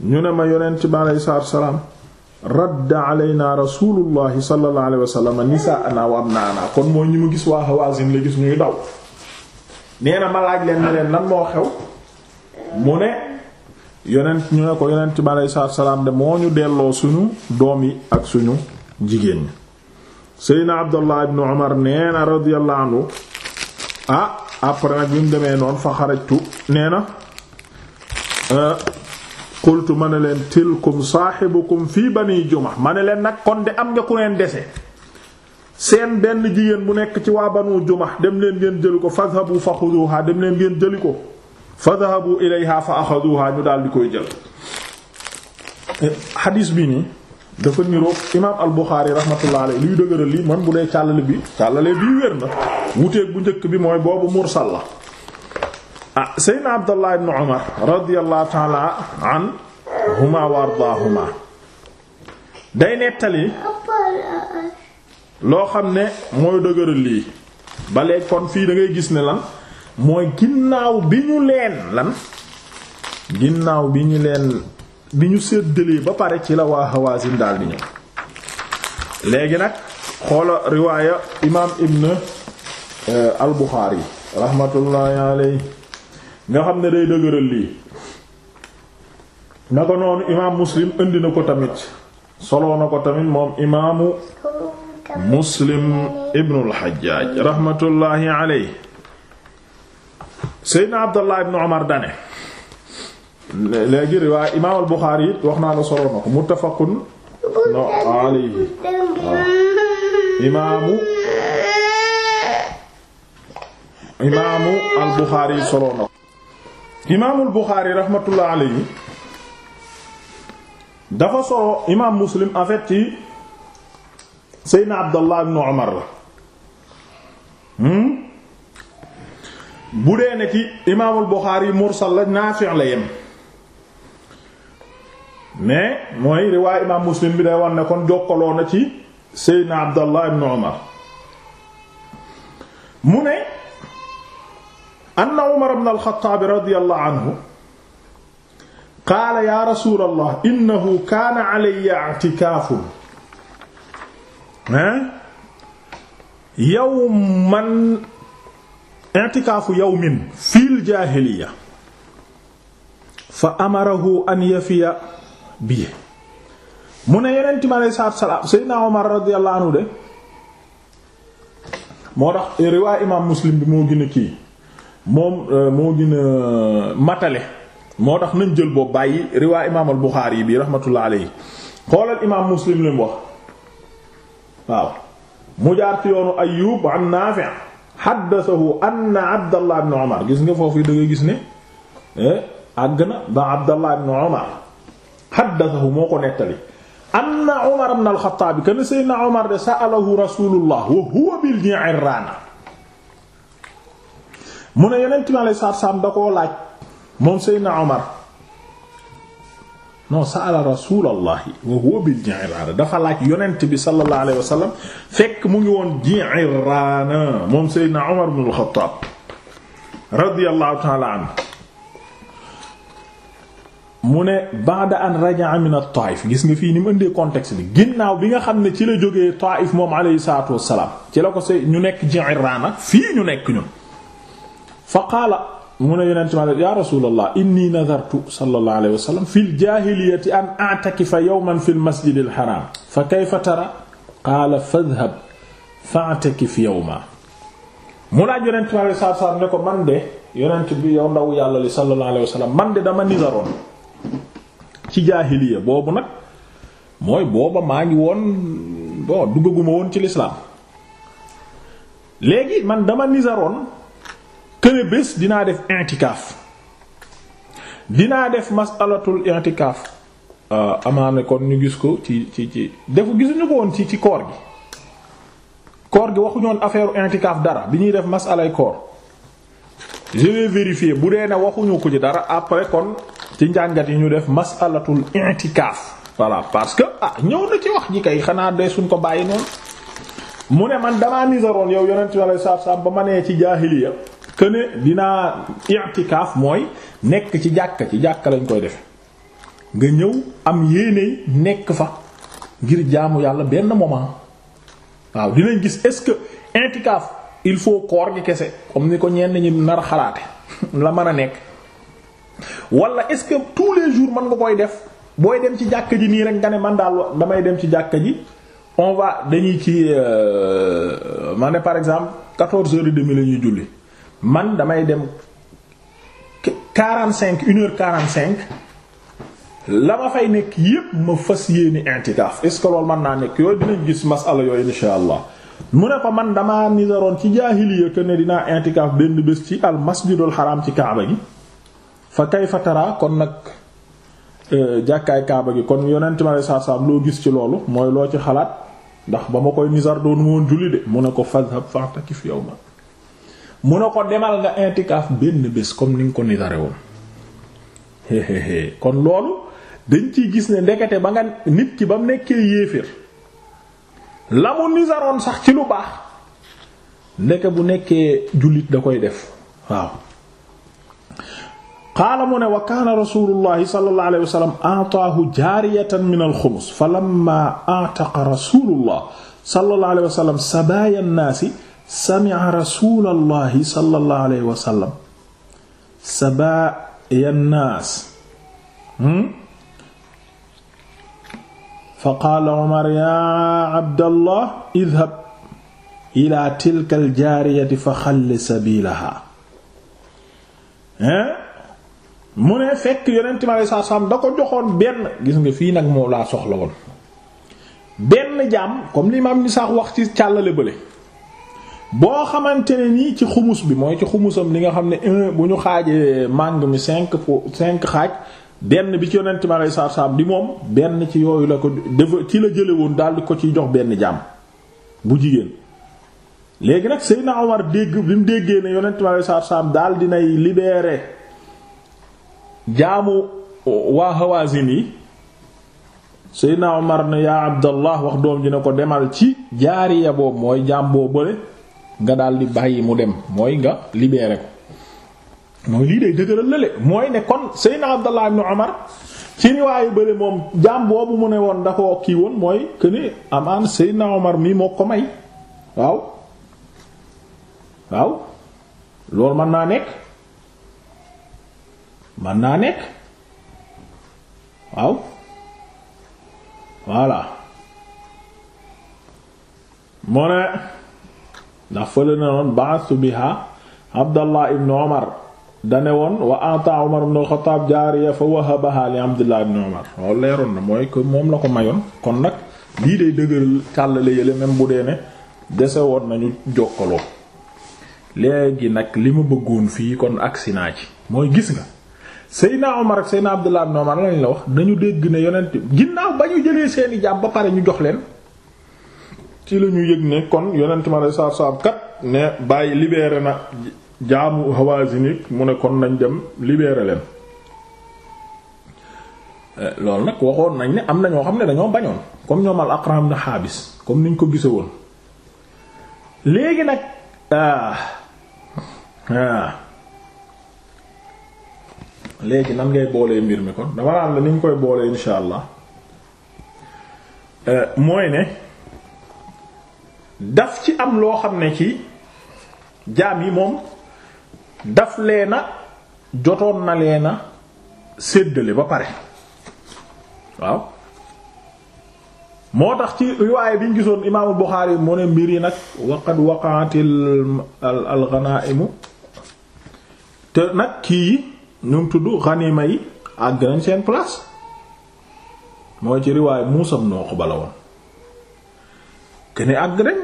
ñu ne ma yonent bi aleyhi salaatu wa salaam radda alayna rasulullahi sallallahu alayhi wa sallam naa wa abna'ana kon mooy ñi mu gis waa Hawazin la gis ñuy daw nee na ma leen ne leen lan moo xew mu ne yonent ñu ne ko yonent bi aleyhi salaatu salaam de moo ñu delloo suñu doom yi ak suñu jigéen ñi seydna abdullah ibnu omar nee na radiyallahu anhu ah après nag bi mu demee noonu fa xarajtu nee na euh, qultu ma ne leen tilkum saaxibukum fii ba bani juma ma ne leen nag kon de am nga ku neen dese seen benn jigéen bu nekk ci waa banu jumax dem leen ngeen jëli ko fadhabu fa xuduha dem leen ngeen jëli ko fadhabu ilayha fa axaduha ñu daal di koy jël xadiis bi nii dafa niroog imaam al Buxaari rahmatullah alayhi luy dëgëral li man bu dee càllale bi càllale bii wér na wuteeg bu njëkk bi mooy boobu mursal la ah seydna Abdallah ibn Umar radiyallahu ta'ala anhuma wa ardaahuma day nettali loo xam ne mooy dëgëral lii ba kon fii dangay gis ne lan mooy ginnaaw bi ñu leen lan ginnaaw bi ñu leen bi ñu séddalee ba pare ci la waa Hawazin daal di ñëw léegi nag xoola riwaaya imaam ibn euh, al Bukhari rahmatullahi alayhi nga xam ne day dëgëral lii na ko noonu imaam Muslim indi na ko tamit soloo na ko tamit moom imaamu muslim ibnul xajaaj raxmatullaahi aley seydna abdullah ibnu omar dane léegi riwaay imaamal buxaari it wax naa la solo na ko muttafaqun imaamu imaamu al buxaari solo na ko imaamul buxaari raxmatullaahi aleyhi dafa solo imaam muslim en ci Seydina Abdallah ibn Umar la hmm? bu dee ne ci imaamul Buxaari mursal la Naafi' la yem mais mooy riwaay imaam Muslim bi day war ne kon jokkaloo na ci Seydina Abdallah ibn Umar mu ne anna Umar ibn al-Khattab radiyallahu anhu qaala yaa rasuulallah innahu kaana alayya i'tikaafun yow man i'tikaafu yawmin fil jaahiliya fa amarahu an yafiya bi mu ne yeneen mi alei salaatu salaam Seydina Omar radiyallahu anhu de moo tax riwaay imaam Muslim bi moo gën a kii moom euh, moo gën a matale moo tax nañ jël boobu bàyyi riwaay imaam al Buxaari yi bi rahmatullah xoolal imaam Muslim li wax waaw mu jaar ci yoonu Ayyub an Naafi' haddathahu anna Abdallah ibn Umar gis nga foofu da nga gis ne eh, àgg na ba Abdallah ibn Umar haddathahu moo ko nettali anna Umar ibn al-Khattab kana sayyidina de sa'alahu Rasulullah wa huwa bil Ji'rana mu ne Yonent mi alayhi da koo laaj moom sayyidina Umar non saala rasulallahi wa huwa bil ji'rana dafa laaj yonent bi sallallahu alayhi wa sallam fekk mu ngi woon ji'rana moom Seydina Umar ibn al-Khattab radiyallahu ta'ala mu ne ba'da an raja'a min at gis nga fii ni mu indee contexte bi ginnaaw bi nga xam ne ci la jógee Taif moom alayhi salaatu wassalaam ci la ko sey ñu nekk ji'rana fii ñu nekk ñun fa qaala mu ne yonent ma yaa rasulallah inni nadartu sallallahu alayhi wa sallam fil jaahiliyati an a'takifa yawman fil masjidil haram fa kayfa tara qaala fadhhab fa'takif yawma mu laaj yonent ma saa saa ne ko man de yonent bi yow ndaw yàlla li sallallahu alayhi wa man de dama nizaroon ci jaahiliya boobu nag mooy booba maa ngi woon bon duggaguma woon ci lislaam léegi man dama nizaroon këne bés dinaa def intikaaf dinaa def masalatul intikaaf ah, amaane kon ñu gis ko ci ci ci defu gisuñu ko woon ci ci koor gi koor gi waxuñoon affaire intikaaf dara bi ñuy def masalay koor je vérifier bu dee ne waxuñu ko ci dara après kon ci njàngat yi ñu def masalatul intikaaf voilà parce que ah ñëw na ci wax ji kay xanaa de suñ ko bàyyi noonu mu ne man damaa nisaroon yow yonent Yàlla saab saab ba ma nee ci jaahiliya que ne dinaa i'tikaaf mooy nekk ci jàkka ci jàkka lañ koy defe nga ñëw am yéene nekk fa ngir jaamu yàlla benn moment waaw dinañ gis est-ce que i'tikaaf il faut koor gi kese comme ni ko ñenn ñi nar xalaate la mën a nekk wala est-ce que tous les jours mën nga koy def booy dem ci jàkka ji nii rek nga ne man daal damay dem ci jàkka ji on va dañuy ci euh, ma ne par exemple quatorze heures de demie la ñuy julli man damay dem quarante cinq une heure quarante cinq la ma fay nekk yépp ma fas yéeni intikaaf est ce loolu mën naa nekk yooyu dinañ gis masala yooyu insha allah mu ne ko man damaa nisaroon ci jaahiliya que ne dinaa intikaaf benn bés ci al masjidul xaraam ci kaaba gi fa kayfa tara kon nag euh, jàkkaay kaaba gi kon yonent ma lay saab loo gis ci loolu mooy loo ci xalaat ndax ba ma koy nisar doon woon julli de mu ne ko fadhab fa'takif yawma mu ne ko demal nga intikaaf benn bés comme ni nga ko nidare woon kon loolu dañ ci gis ne ndekete ba nga nit ki ba mu nekkee yéeféer la mu nisaroon sax ci lu baax ndeke bu nekkee jullit da koy def waaw qaala mu ne wa kaana rasulullahi sallallahu alayhi wa sallam ataahu jaariyatan min alxumus fa lamma ataqa rasulullah sallallahu alayhi wa sallam sabaaya nnaasi sami'a rasulallahi sallallahu alayhi wa sallam sabaya nnaas fa qaala Umar yaa Abdallah idhab ila tilka da ko joxoon benn gis nga fii nag moo laa soxla woon benn jaam comme l'imam ni sax wax ci càllale bële boo xamante ne nii ci xumus bi mooy ci xumusam li nga xam ne bu ñu xaajee màng mi cinq pour cinq xaaj benn bi ci yonent mi alayhi salaatu salaam di moom benn ci yooyu la ko def ci la jële woon daal di ko ciy jox benn jaam bu jigéen léegi nag Seydina Omar dégg bi mu déggee ne yonent mi alayhi salaatu salaam daal dinay libérer jaamu waa Hawazin yi Seydina Omar ne yaa Abdallah wax doom ji ne ko demal ci jaariya boobu mooy jaam boo bële nga daal bàyyi mu dem mooy nga libéré ko mooy lii day dëgëral lële mooy ne kon Seydina Abdallah ibn Umar ci riwaayu bële moom jaam boobu mu ne woon da ko kii woon mooy këni amaan Seydina Umar mii moo ko may waaw waaw loolu mën naa nekk mën naa nekk waaw voilà moo ne ndax fële na noon ba'athu biha abdallah ibn omar dane woon wa ata omar ibn xataab jaariya fa wahabaha li abdallah omar loolu leeroon na mooy que moom la ko mayoon kon nag lii de dëgëral càllale yële même bu dee ne dese woon nañu jokkaloo léegi nag li ma bëggoon fii kon agsi naa ci mooy gis nga Seydina Omar ak Seydina Abdullah ibn Omar lañ la wax dañu dégg ne yonent ginnaaw ba ñu jëlee seeni jàpp ba pare ñu jox leen ci lañu yëg ne kon yonent ma lay saab saab kat ne bàyyi libéré na jaamu Hawazin mu ne kon nañ dem libéré leen eh, loolu nag waxoon nañ ne am na ñoo xam ne dañoo bañoon comme ñoom al Aqra' ibn Habis comme niñ ko gise woon léegi nag ah, ah, léegi nan ngay boolee mbir mi kon dama naan la niñ koy boolee insha allah eh, mooy ne daf ci am loo xam ne ci jaam yi moom daf leena jotoon na leena séddale ba pare waaw moo tax ci riwaaye bi ñu gisoon imaamul Buxaari mu ne mbir yi nag waqad waqa'atil al ghana'imu te nag kii yi tudd xaniima yi àgg nañ seen place mooy ci riwaaye Muusa ibn Uqba woon que ne àgg nañ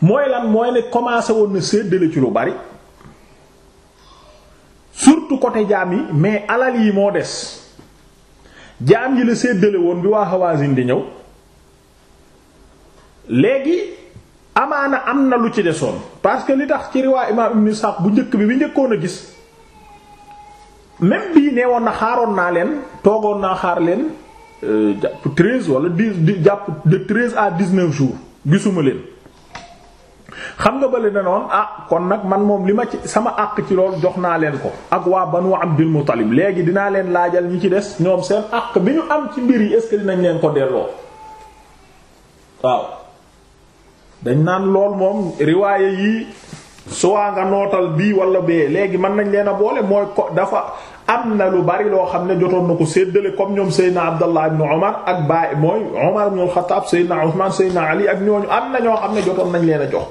mooy lan mooy ne commencé woon na séddale ci lu bari surtout côté jaami mais alal yi moo des jaam yi la séddale woon bi waa Hawazin di ñëw léegi amaana am na lu ci desoon parce que li tax ci riwaa imaam Ibn Ishaq bu njëkk bi bi njëkkoon a gis même bii nee na xaaroon naa leen toogoon naa xaar leen Euh, jàpp treize wala di jàpp de treize à dix-neuf gisuma leen xam nga bale na noon ah kon nag man moom li ma ci sama àq ci loolu jox naa leen ko ak waa banu Abdul Muttalib léegi dinaa leen laajal ñi ci des ñoom seen àq bi ñu am ci mbir yi est-ce que dinañ leen ko delloo waaw dañ naan lool moom riwaaye yi suwaa nga nootal bii wala bee léegi mën nañ leen a boole mooy ko dafa am na lu bari loo xam ne jotoon na ko séddale comme ñoom Seydina Abdallah ibn Omar ak baay mooy Omar ibn Khattab Seydina Ousmane Seydina Ali ak ñooñu am na ñoo xam ne jotoon nañ leen a jox.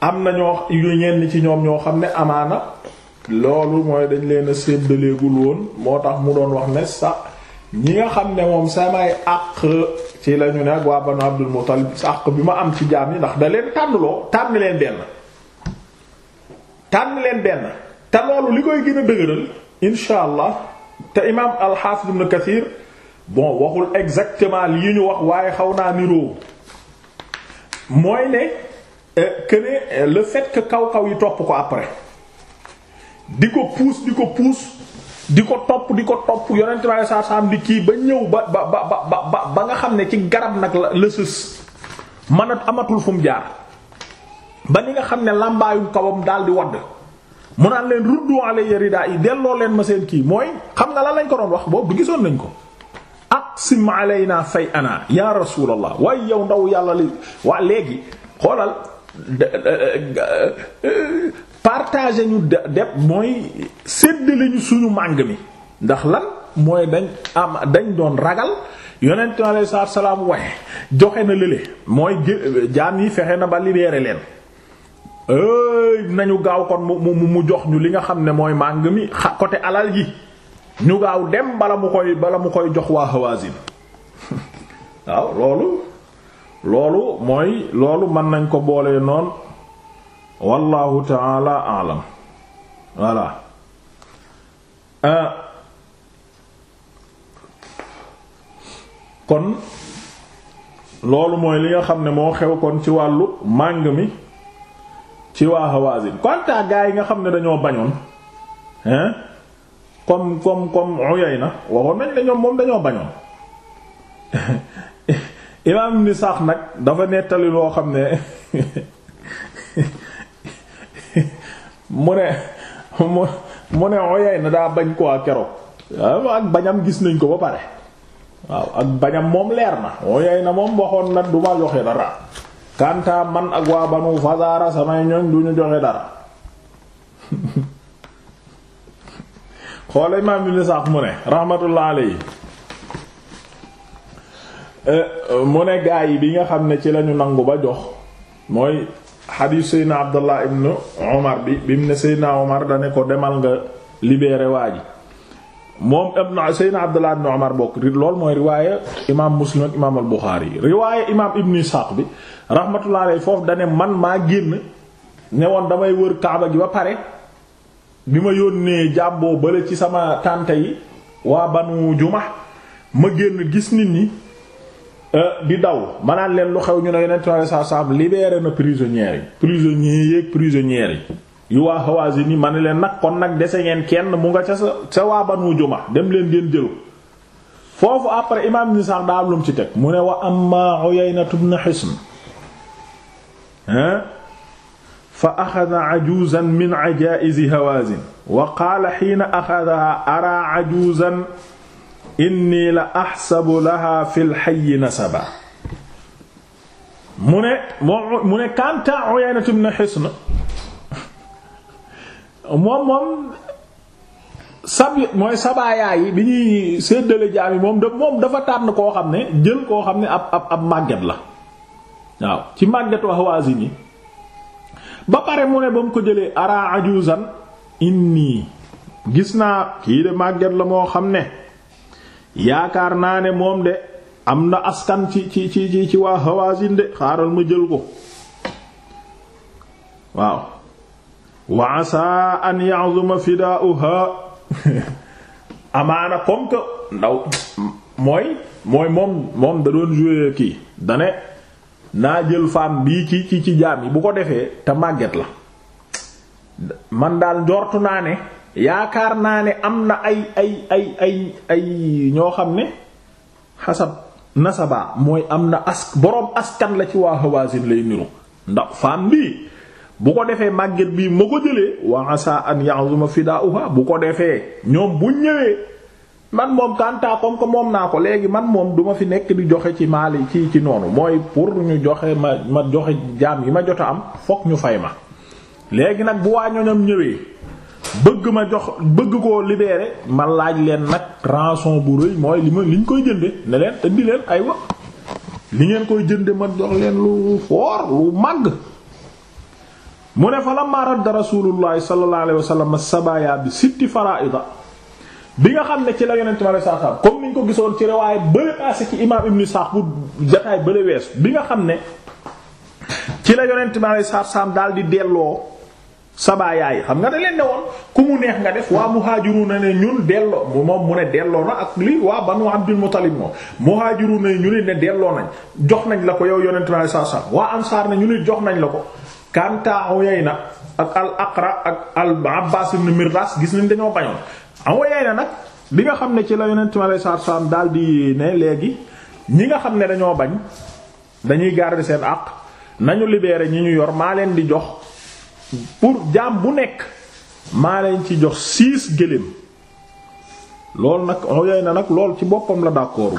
am na ñoo yu ci ñoom ñoo xam ne amaana loolu mooy dañ leen a séddaleegul woon moo tax mu doon wax ne sax nga xam ne moom samay àq ci la ñu ne ak waa Banu Abdul Muttalib àq bi ma am ci jaam yi ndax da leen tànnloo tànn leen benn tànn leen benn. te loolu li koy gën a dëgëral incha allah te imaam al-Hafiz Ibn Kathir bon waxul exactement lii ñu wax waaye xaw naa niroo mooy ne euh, que ne euh, le fait que kaw-kaw yi topp ko après di ko puus di ko di ko topp di ko topp yonent bi saa saa am kii ba ñëw ba ba ba ba ba nga xam ne ci garab nag la la sës mën a amatul fu mu jaar ba ni nga xam ne làmbaayum kawam daal di wadd. mu naan leen ruddu alayya ridaa yi delloo leen ma seen kii mooy xam nga lan lañ ko doon wax boobu gisoon nañ ko aqsim alayna fay ana ya rasulallah waaye yow ndaw yàlla li waa léegi xoolal partager ñu de deb mooy séddale ñu suñu màng mi ndax lan mooy dañ am dañ doon ragal yonent alayhi salaam waxe joxe na lële mooy jaam yi fexe na ba libéré leen éy nañu gaaw kon mu mu mu jox ñu li nga xam ne mooy màng mi xa côté alal yi ñu gaaw dem bala mu koy bala mu koy jox waa Hawazin waaw loolu loolu mooy loolu mën nañ ko boolee noonu wallahu taala alam voilà euh, kon loolu mooy li nga xam ne moo xew kon ci wàllu màng mi ci waa Hawazin quant gaa yi nga xam ne dañoo bañoon hein comme comme comme Uyayna waxoon nañ dañoo bañoon imaam ni sax nag dafa nettali loo xam ne mu ne mu mu ne Uyayna daa bañ ko ak keroog ak bañam gis nañ ko ba pare waaw ak bañam moom leer na Uyayna moom waxoon na du ma joxe dara kanta man ak waa banu fazara samay ñoñ duñu joxe dara xoole imaam ibn Isaaq mu ne rahmatullah alayhi eh, mu ne gaa yi bi nga xam ne ci lañu nangu ba jox mooy xadiis seydna Abdullah ibn Omar bi bi mu ne seydna Omar dane ko demal nga libérer waa ji moom ibn Seydina Abdullah ibn Umar bokk lool mooy riwaaya imaam Muslim ak imaam al-Bukhari yi riwaaya imaam Ibn Ishaq bi rahmatullahi foofu dane man maa génn ne woon damay wër Kaaba gi ba pare bi ma yónnee jàmboo bale ci sama tànte yi waa banu juma ma génn gis nit ñi euh, di daw ma naan leen lu xew ñu ne Yonent bi sallallahu alayhi na prisonniers yi prisonniers yeeg prisonnières yi yu waa Hawazin yi ma leen nag kon nag dese ngeen kenn mu nga ca sa sa waa Banu Juma dem leen ngeen jëlu foofu après imaam ibn Sa'd daa am lu ci teg mu ne wa amma Uyayna ibn Hisn fa axada ajuzan min ajaa'izi Hawazin wa qaala hiina axadahaa araa ajuzan inni Hisn moom moom sab mooy sabaayaa yi bi ñuy séddale jaam yi moom da dafa tànn koo xam ne jël koo xam ne ab ab ab màgget la waaw ci màgget wax waasin yi ba pare mu ne ba mu ko jëlee ara ajuzan inni gis naa kii de màgget la moo xam ne yaakaar naa ne moom de am na askan ci ci ci ci waa Hawazin de xaaral ma jël ko waaw wa asaa an ya'zuma fidaa'uha amaana comme que ndaw mooy mooy moom moom da doon jouer kii dane naa jël femme bii ci ci ci jaam yi bu ko defee te màgget la man daal njortu naa ne yaakaar naa ne am na ay ay ay ay ay ñoo xam ne xasab nasaba mooy am na as boroom askan la ci waa Hawazin lay niru ndax femme bii bu ko defee màgget bii ma ko jëlee wa asa an ya'zuma fidaa'uha bu ko defee ñoom buñ ñëwee man moom kantaa comme que moom naa ko léegi man moom du ma fi nekk di joxe ci maali ci ci noonu mooy pour ñu joxe ma ma joxe jaam yi ma jot am foog ñu fay ma léegi nag bu waa ñoñam ñëwee bëgg ma jox bëgg koo libeere ma laaj leen nag rançon bu rëy mooy li ma liñ koy jënd ne leen indi leen aywa li ngeen koy jënde ma jox leen lu foor lu màgg mu ne fa lamma radda rasulullahi sallallahu alayhi wa sallam sabaya bi sitti faraida bi nga xam ne ci la yonente mi aleye sat slam comme ko gisoon ci riwaaya bële passé ci imam ibn Isaaq bu jataay bi nga xam ne ci la yonente mi daal di delloo sabaayaa yi xam nga da leen ne woon ku mu neex nga def waa na ne ñun delloo moom mu ne delloo na ak li waa banu Abdul Muttalib moom muhaajiruuna ne ñu ne delloo nañ jox nañ la ko yow yonente mi aleye sat salaam waa ansaar ne ñu ne jox nañ la ko kanta Uyayna ak al Aqra ak al Abbaas ibn gis nañ dañoo bañoon Uyayna nag bi nga xam ne ci la yonent mi alayhi salaatu salaam daal di ne léegi ñi nga xam ne dañoo bañ dañuy garder seen àq nañu libérer ñi ñu yor maa leen di jox pour jaam bu nekk maa leen ci jox siis gëléem loolu nag na nag loolu ci boppam la d'accord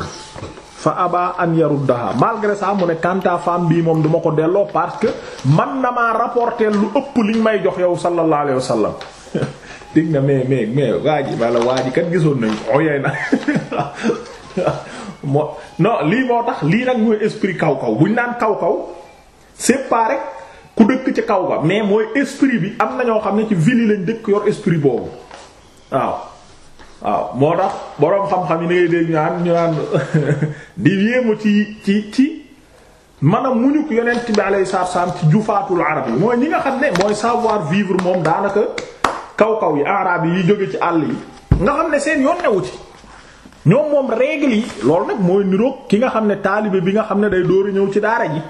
fa aba an yaruddaha malgré sa mu ne kanta femme bii moom duma ko delloo parce que man na maa rapporter lu ëpp liñ may jox yow sallallahu alayhi wa sallam dégg nga mais mais mais waa ji wala waa ji kat gisoon nañ oyey na moo non lii moo tax lii nag mooy esprit kaw kaw buñ naan kaw kaw c'est rek ku dëkk ci kaw ba mais mooy esprit bi am na ñoo xam ne ci ville lañ dëkk yor esprit boobu waaw waaw moo tax boroom xam-xam yi ni ngay dégg ñu naan ñu naan di yéemu ci ci ci man mu muñuk yonent bi alayhi salaam ci jufaatul arab yi mooy ñi nga xam ne mooy savoir vivre moom daanaka kaw-kaw yi arab yi yi jóge ci àll yi nga xam ne seen yoon newu ci ñoom moom règle yi loolu nag mooy niroog ki nga xam ne taalibe bi nga xam ne day dóori ñëw ci daara ji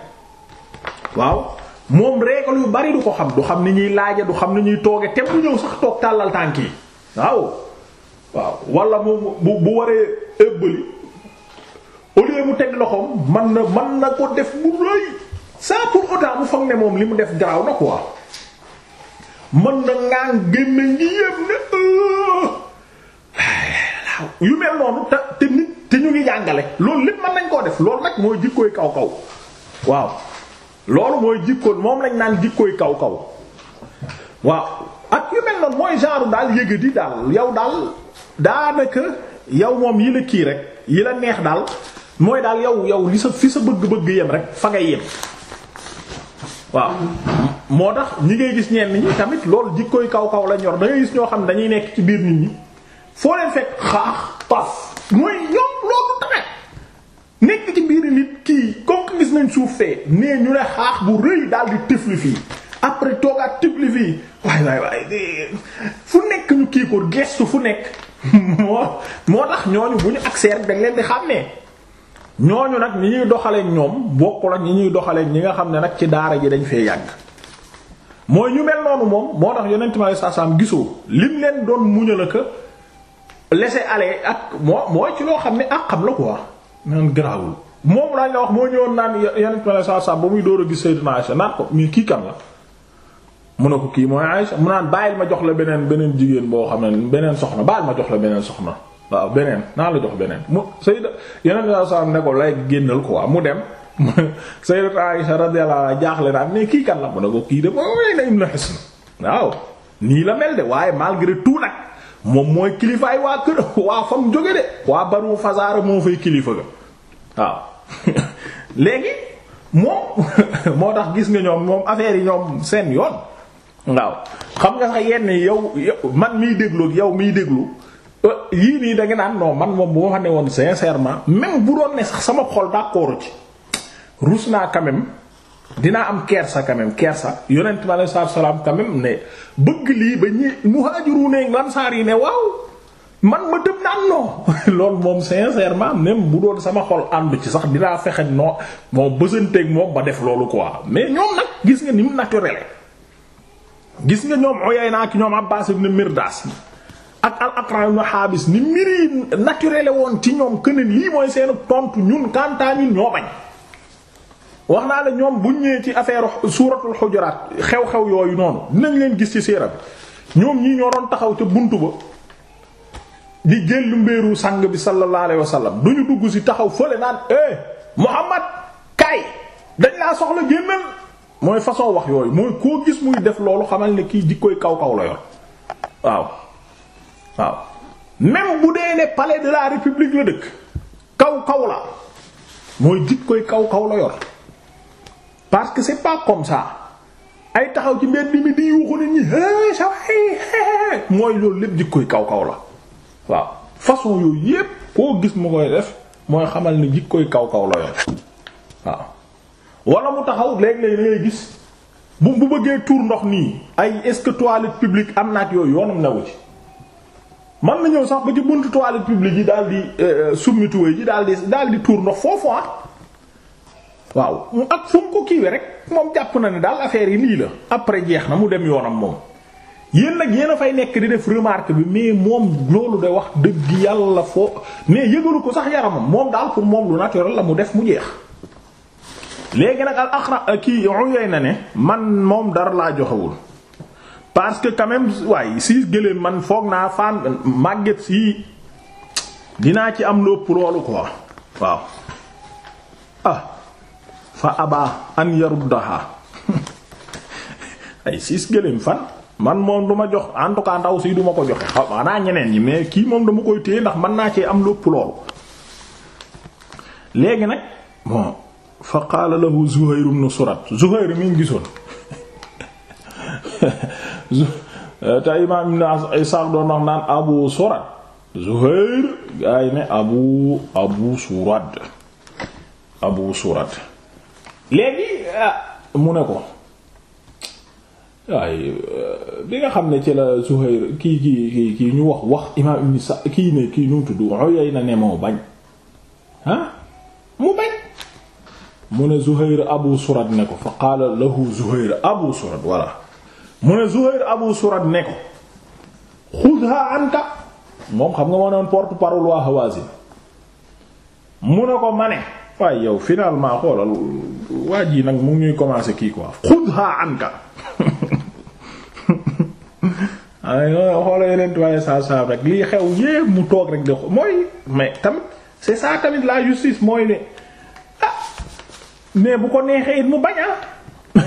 waaw moom règle yu bari du ko xam du xam ne ñuy laaja du xam ne ñuy tooge te bu ñëw sax toog tàllal tànk yi waaw waaw walla moom bu bu waree ëbbali au mu teg loxoom man na man na ko def bu rëy saa pour autant mu foog ne moom li mu def garaaw na quoi man na ngaa génne ngi yem ne yu mel noonu te te nit te ñu ngi jàngale loolu lépp mën nañ koo def loolu nag mooy jikkooy kaw waaw loolu mooy jikkoon moom lañ naan jikkooy kaw kaw waaw ak yu mel noonu mooy genre daal yëga daal yow daal daanaka yow moom yi la kii rek yi la neex daal mooy daal yow yow li sa fi sa bëgg-bëgg yem rek fa ngay yem waaw moo tax ñi ngay gis ñenn ñi tamit loolu jikkooy kaw kaw la ñor da gis ñoo xam ne dañuy nekk ci biir nit ñi foo leen fekk xaax paf mooy ñoom loolu tamit nekk ci biir nit kii comme gis nañ suuf fee nee ñu ne xaax bu rëy daal di tifli fii après toogaat tibli fii waay waay waay fu nekk ñu kii ko gestu fu nekk moo moo tax ñooñu bu ñu accès rek dañ leen di xàmmee ñooñu nag ñi ñuy doxalee ñoom bokkul ak ñi ñuy doxalee ñi nga xam ne nag ci daara ji dañ fee yàgg. moo ñu mel noonu moom moo tax yonent ma saasaam gisoo lim leen doon muñal ak laisser aller ak moo mooy ci loo xam ne ak xam la quoi naan garaawul. moom laa nga wax moo ñëwoon naan yonent ma saasaam ba muy door a gis Sayyidina Aisha naan ko mais kii la. mu ne ko kii mooy Aïcha mu naan bàyyil ma jox la beneen beneen jigéen boo xam ne beneen soxna bàyyil ma jox la beneen soxna waaw beneen naa la jox beneen mu Sayyida yeneen yoo xam ne ko lay génnal quoi mu dem Sayyida Aïcha radiyallahu jaaxle na ne kan la mu ne ko kii de moom mooy na waaw nii la mel de waaye malgré tout nag moom mooy kilifaay waa kër waa fam jóge de waa Banu Fazaara moo fay kilifa ga waaw léegi moom moo tax gis nga ñoom moom affaire yi ñoom seen yoon. waaw xam nga sax yenn yow man miy déglu yow miy déglu euh, yii nii da nga naan non man moom bu ma xam ne woon sincèrement même bu doon sama xol d'accord ci rus naa quand même dinaa am kersa quand kersa yonent bi alayhi salaatu salaam quand ne bëgg lii ba ñi muhaajiruun yi ne waaw man ma dëb moom sincèrement même bu doon sama xol ànd ci sax dinaa fexe non moo bësanteeg moom ba def loolu quoi mais ñoom nag gis nga ni mu gis nga ñoom Uyayna ak ñoom Abbaas ibn Mirdaas ak al Aqra ibn Haabis ni mbir yi woon ci ñoom que lii mooy seen tontu ñun kantaa ñoo bañ. wax naa la ñoom bu ñëwee ci affaire suuratul Hujuraat xew-xew yooyu noonu dinañ leen gis ci siira bi ñoom ñii ñoo doon taxaw ca buntu ba. di génn mbéeru sang bi sallallahu alayhi duñu dugg si taxaw fële naan eh Muhammad kay dañ laa soxla génnal. mooy façon wax yooyu mooy koo gis muy def loolu xamal ne kii jikkooy kaw kaw la yor waaw waaw même bu dee ne palais de la république la dëkk kaw kaw la mooy jikkooy kaw kaw la yor parce que c'est pas comme ça ay taxaw ci mbedd mi di yuuxu nit mooy loolu lépp jikkooy kaw kaw la waaw façon yooyu yépp koo gis mu koy def mooy xamal ne jikkooy kaw kaw la yor waaw. wala mu taxaw léeg-léeg da ngay gis bu bu bëggee tour ndox nii ay est-ce que toilette publique am na ak yooyu yoonam newu ci man na ñëw sax ba ci buntu toilette publique yi daal di euh, summi yi ji daal di daal di tuur ndox foofu ah waaw ak fu mu ko kiiwee rek moom jàpp na ne daal affaire yi lii la après jeex na mu dem yoonam moom. yéen nag yéen a fay nekk di def remarque bi mais moom loolu de wax dëgg yàlla foo mais yëgalu ko sax yaramam moom daal pour moom lu naturel la mu def mu jeex. léegi nag al aqra euh, kii na ne man moom dara laa joxewul parce que quand waaye si gëléem man foog naa fan màgget sii dinaa ci am lépp loolu quoi waaw ah fa abaa an yaruddaha ay siis gëléem fan man moom du ma jox en tout cas ndaw si du ma ko joxe xaw ma naa ñeneen yi mais kii moom dama koy téye ndax mën naa cee am lépp loolu léegi nag bon fa qaala lahu Zuhayr ibn Surat Zuhayr mi gisoon te imaam ibn Isaaq doon wax naan Abu Surat Zuhayr gaa yi ne Abu Abu Surat Abu Surat léegi ah, mu ne ko waaye bi nga xam ne ci la Zuhayr kii kii kii kii ñu wax wax imaam ibn Isaaq kii ne kii ñu tudd Uyayna ne moo bañ mu ne Zuhayr Abu Surad ne ko fa qaala lahu Zuhayr Abu Surad voilà mu ne Zuhayr Abu Surad ne ko xudha anka moom xam nga moo noon porte parole waa Hawazin mu ne ko ma ne waaye yow finalement xoolal waa ji nag mu ngi commencer kii quoi xudha anka aywa xoolal yeneen waaye saa saa rek lii xew yépp mu toog rek de mooy mais tamit c'est ça tamit la justice mooy ne. mais bu ko neexee it mu bañ a ah.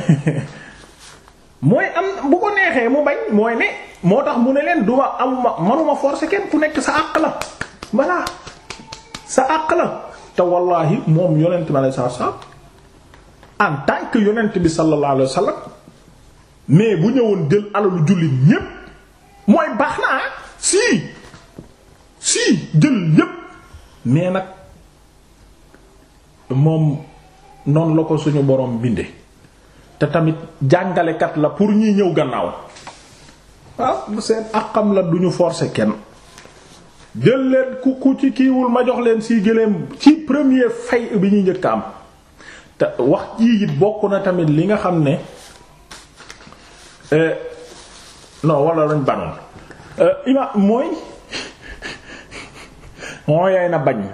mooy am bu ko neexee mu bañ mooy ne moo tax mu ne leen duma amuma manuma forcer kenn ku nekk sa àq la voilà sa àq la te wallaahi moom yonent bi alayhi salaatu salaam en tant que yonent bi sallallahu alayhi wa mais bu ñëwoon jël alalu jullit ñépp mooy baax na ah si si jël yépp mais nag moom. noonu la ko suñu borom binde te tamit jàngalekat la pour ñi ñëw gannaaw waaw seen akam la duñu forcer kenn jël leen ku ku ci kiiwul ma jox leen si gëléem ci premier fay bi ñuy njëkk am te wax jii it bokk na tamit li nga xam ne euh, non wala lañ banoon euh, ima mooy on yaay na bañ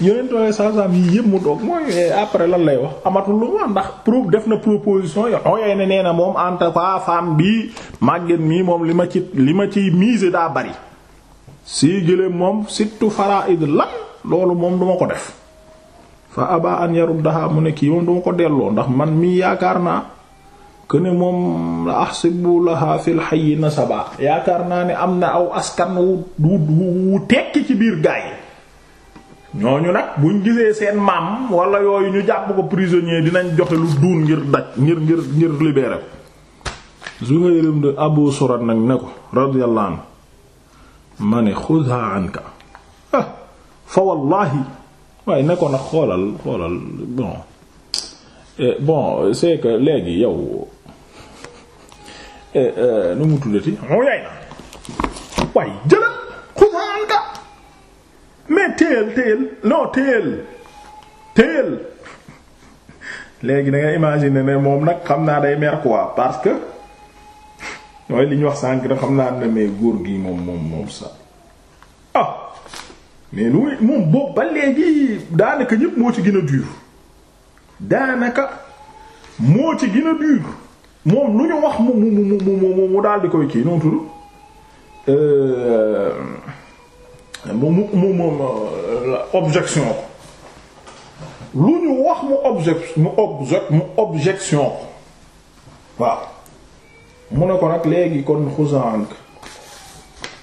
yeneen tool yi yëpp mu doog mooy eh, après lan lay wax amatul lu mu ndax pro def na proposition yo on yaay na nee na moom en tout cas bii màgget mii moom li ma ci li ma ciy miise daa bari. si gëléem moom surtout faraid lan loolu moom duma ko def fa aba an yaruddaha mu ne kii moom duma ko delloo ndax man mii yaakaar naa que ne moom la ahsibu laha fil hayyi nasaba yaakaar naa ne am na aw askan wu wu wu tekki ci biir gaay ñooñu nag buñ gisee seen maam wala yooyu ñu jàpp ko prisonnier dinañ joxe lu duun ngir daj ngir ngir ngir libéré ko Zuhayrum de Abu Surat nag ne ko radiyallahu anhu ma ne xudha anka ah, fa wallahi waaye ne ko nag xoolal xoolal bon eh, bon c'est que léegi yow eh, eh, nu mu tuddati mooy yaay na waaye téyel téyel non téyel téyel léegi da nga ne moom nag xam naa day mer parce que mooy li ñu wax sànq rek xam naa ne góor gi moom moom moom sax ah mais lu moom boobu ba léegi daanaka ñépp moo ci gën a dur daanaka moo ci gën a dur moom lu ñu wax mu mu mu mu mu daal di koy kii noonu tudd. Euh, mu mu mu moom objection ko lu ñu wax mu objection ko waaw mu ne ko nag léegi kon xusank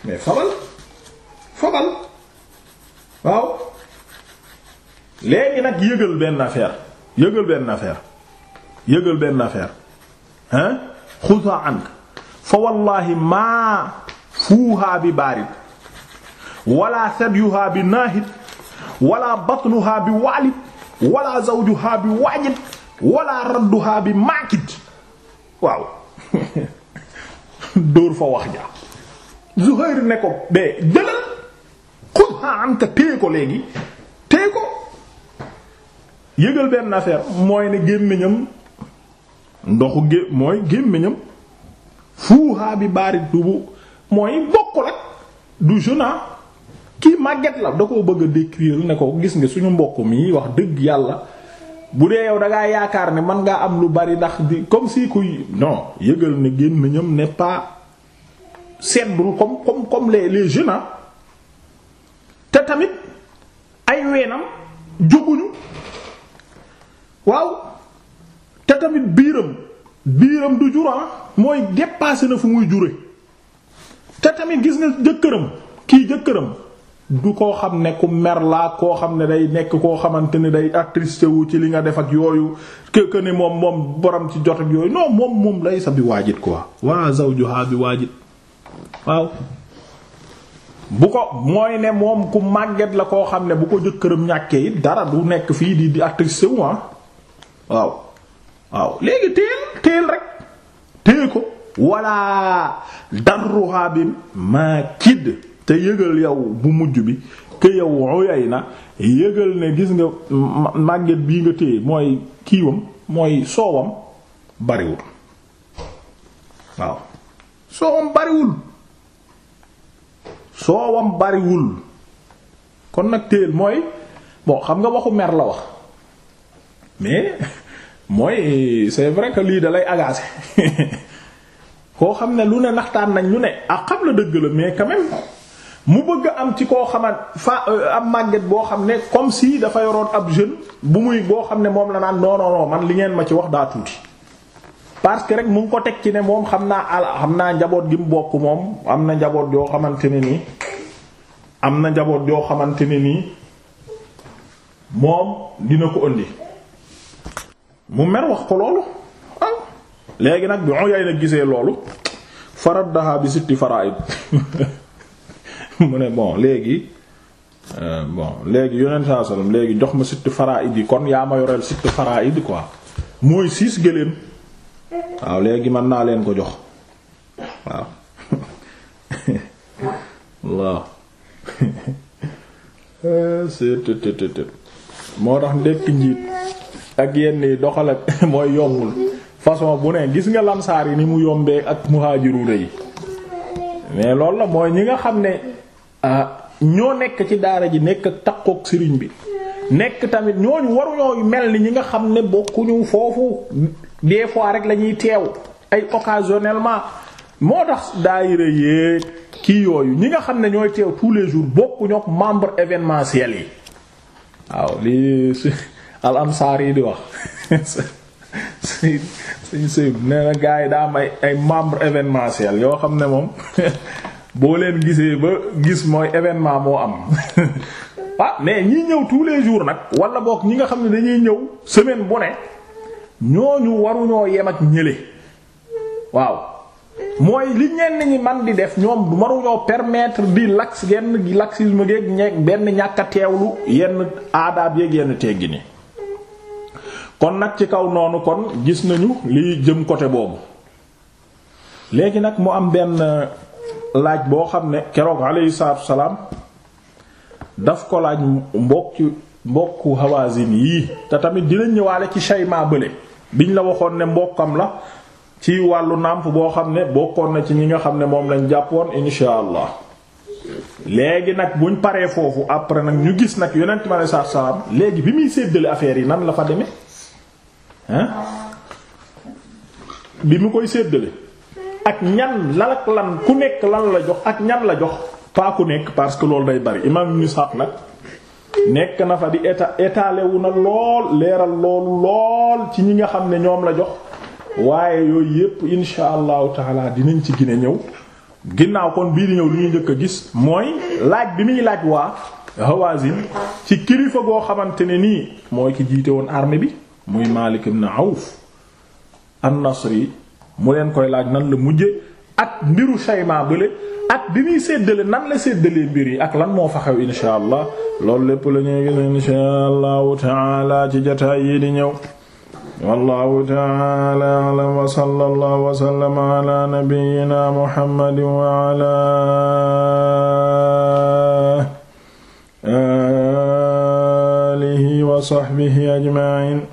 mais fabal fabal waaw léegi nag yëgal benn affaire yëgal benn affaire yëgal benn affaire hein xusank fa wallahi maa fuuhaa bi baarid wala sabyuha bi naahid wala batnuha bi waalid wala zawjuha bi waajid wala radduha bi maakid waaw dóor fa wax ja Zuhair ne ko bee jëlal xudha anka téye ko léegi téye ko yëgal benn affaire mooy ne gémmiñam ndoxu gé mooy gémmiñam fuuhaa bi baari mooy bokkul ak du juna kii màgget la da ko bëgg a décrire ko gis ngi suñu mbokk mi wax dëgg yàlla bu dee yow da yaakaar ne mën ngaa am lu bari ndax di comme si kuy non yëgal ne génn ñam ne pas seddul comme comme comme les les jeunes te tamit ay weenam jóguñu waaw te tamit biiram biiram du jura mooy dépassé na fu muy jure te tamit gis nga jëkkëram kii jëkkëram du koo xam ne ku mer laa koo xam ne day nekk koo xamante ne day attristé wu ci li nga def ak yooyu que que ne moom moom borom ci jot ak yooyu non moom moom lay sa bi waajit quoi waa zawjuha bi waajit ko mooy ne moom ku màgget la koo xam ne bu ko jëkkëram ñàkkee dara du nekk fii di di wu ah waaw. waaw léegi teel teel rek teel ko walla darruha bi ma kidd te yëgal yow bu mujj bi ke yow na yëgal ne gis nga màgget bii nga téye mooy kiiwam mooy soowam bariwul waaw soowam bariwul soowam bariwul kon nag téel mooy bon xam nga waxu mer la wax mais mooy c'est vrai que lii dalay lay koo xam ne lu ne naxtaan nañ lu ne ah xam la dëgg la mais quand mu bëgg am ci koo xaman fa euh, am màgget boo xam ne comme si dafa yoroon ab jeune bu muy boo xam ne moom la naan non man li ngeen ma ci wax daa tuuti parce que rek mu ngi ko teg ci ne moom xam naa al xam naa njaboot gi mu bokk moom am na njaboot yoo xamante ne nii am na njaboot yoo xamante ne nii moom dina ko ëndi mu mer wax ko loolu ah, léegi nag bi on yaay na gisee loolu faraddaha bi sitti faraid mu ne bon léegi euh, bon léegi yonent saa sallam léegi jox ma sitt faraid yi kon yaa ma yoreel sitt faraid quoi mooy siis gëléem waaw léegi man naa leen ko jox waaw waaw seetëtëtëtë euh, moo tax ndekk njiit ak yenn yi doxal ak mooy yombul façon bu ne gis nga lamsaar yi ni mu yombee ak muhaajiru yi mais loolu la mooy ñi nga xam ne Ah, ñoo nekk ci daara ji nekk ak takkook sëriñ bi nekk tamit ñooñu waruñoo mel ni ñi nga xam ne bokkuñu foofu des fois rek lañuy teew ay occasionnellement moo tax daayira yéeg kii yooyu ñi nga xam ne ñooy teew tous les jours bokkuñu ak membre événementiel yi waaw lii si al yi di wax si si si nee na yi daa am ay ay membre événementiel yoo xam ne moom boo leen gisee ba gis mooy événement moo am ah mais ñi ñëw tous les jours nag wala boog ñi nga xam ne dañuy ñëw semaine bu ne ñooñu waruñoo yem ak ñële waaw mooy li ñenn ñi man di def ñoom du waruñoo permettre di lax genn laxisme geeg ñeeg benn ñàkk teewlu yenn aadaab yeeg yenn teggi ni kon nag ci kaw noonu kon gis nañu li jëm côté boobu léegi nag mu am benn. laaj boo xam ne keroog alayhi salaatu salaam daf ko laaj mbokki mbokku Hawazin yii te tamit dinañ ñëwaale ci Shayma bële ñu la waxoon ne mbokkam la ci wàllu nàmp boo xam ne bokkoon na ci ñi nga xam ne moom lañ jàppoon insha allah léegi nag buñ paree foofu après nag ñu gis nag yonent mi alayhi salaam léegi bi muy séddale affaire yi nan la fa demee hein bi mu koy séddale ak ñan lan lan ku nekk lan la jox ak ñan la jox paaku nekk parce que loolu day bari imam ibn Sa'd nag nekk na fa di éta wu na lool leeral loolu lool ci ñi nga xam ne ñoom la jox waaye yooyu yépp insha allahu taala dinañ ci gine ñëw ginnaaw kon biir di ñëw li ñuy njëkk a gis mooy laaj bi muy laaj waa Hawazin ci kilifa goo xamante ne nii mooy ki jiite woon armée bi muy Malik ibn Auf an-Nasri mu leen koy laaj nan la mujje ak mbiru Shayma bële ak bi muy séddale la séddalee mbir yi ak lan moo fa xew insha allah loolu lépp la ñuy gis insha allahu taala ci jataay yi di ñëw wallahu taala alam wa sallallahu wa sallama ala nabiyyina muhammadin wa ala alihi wa sahbihi ajma'in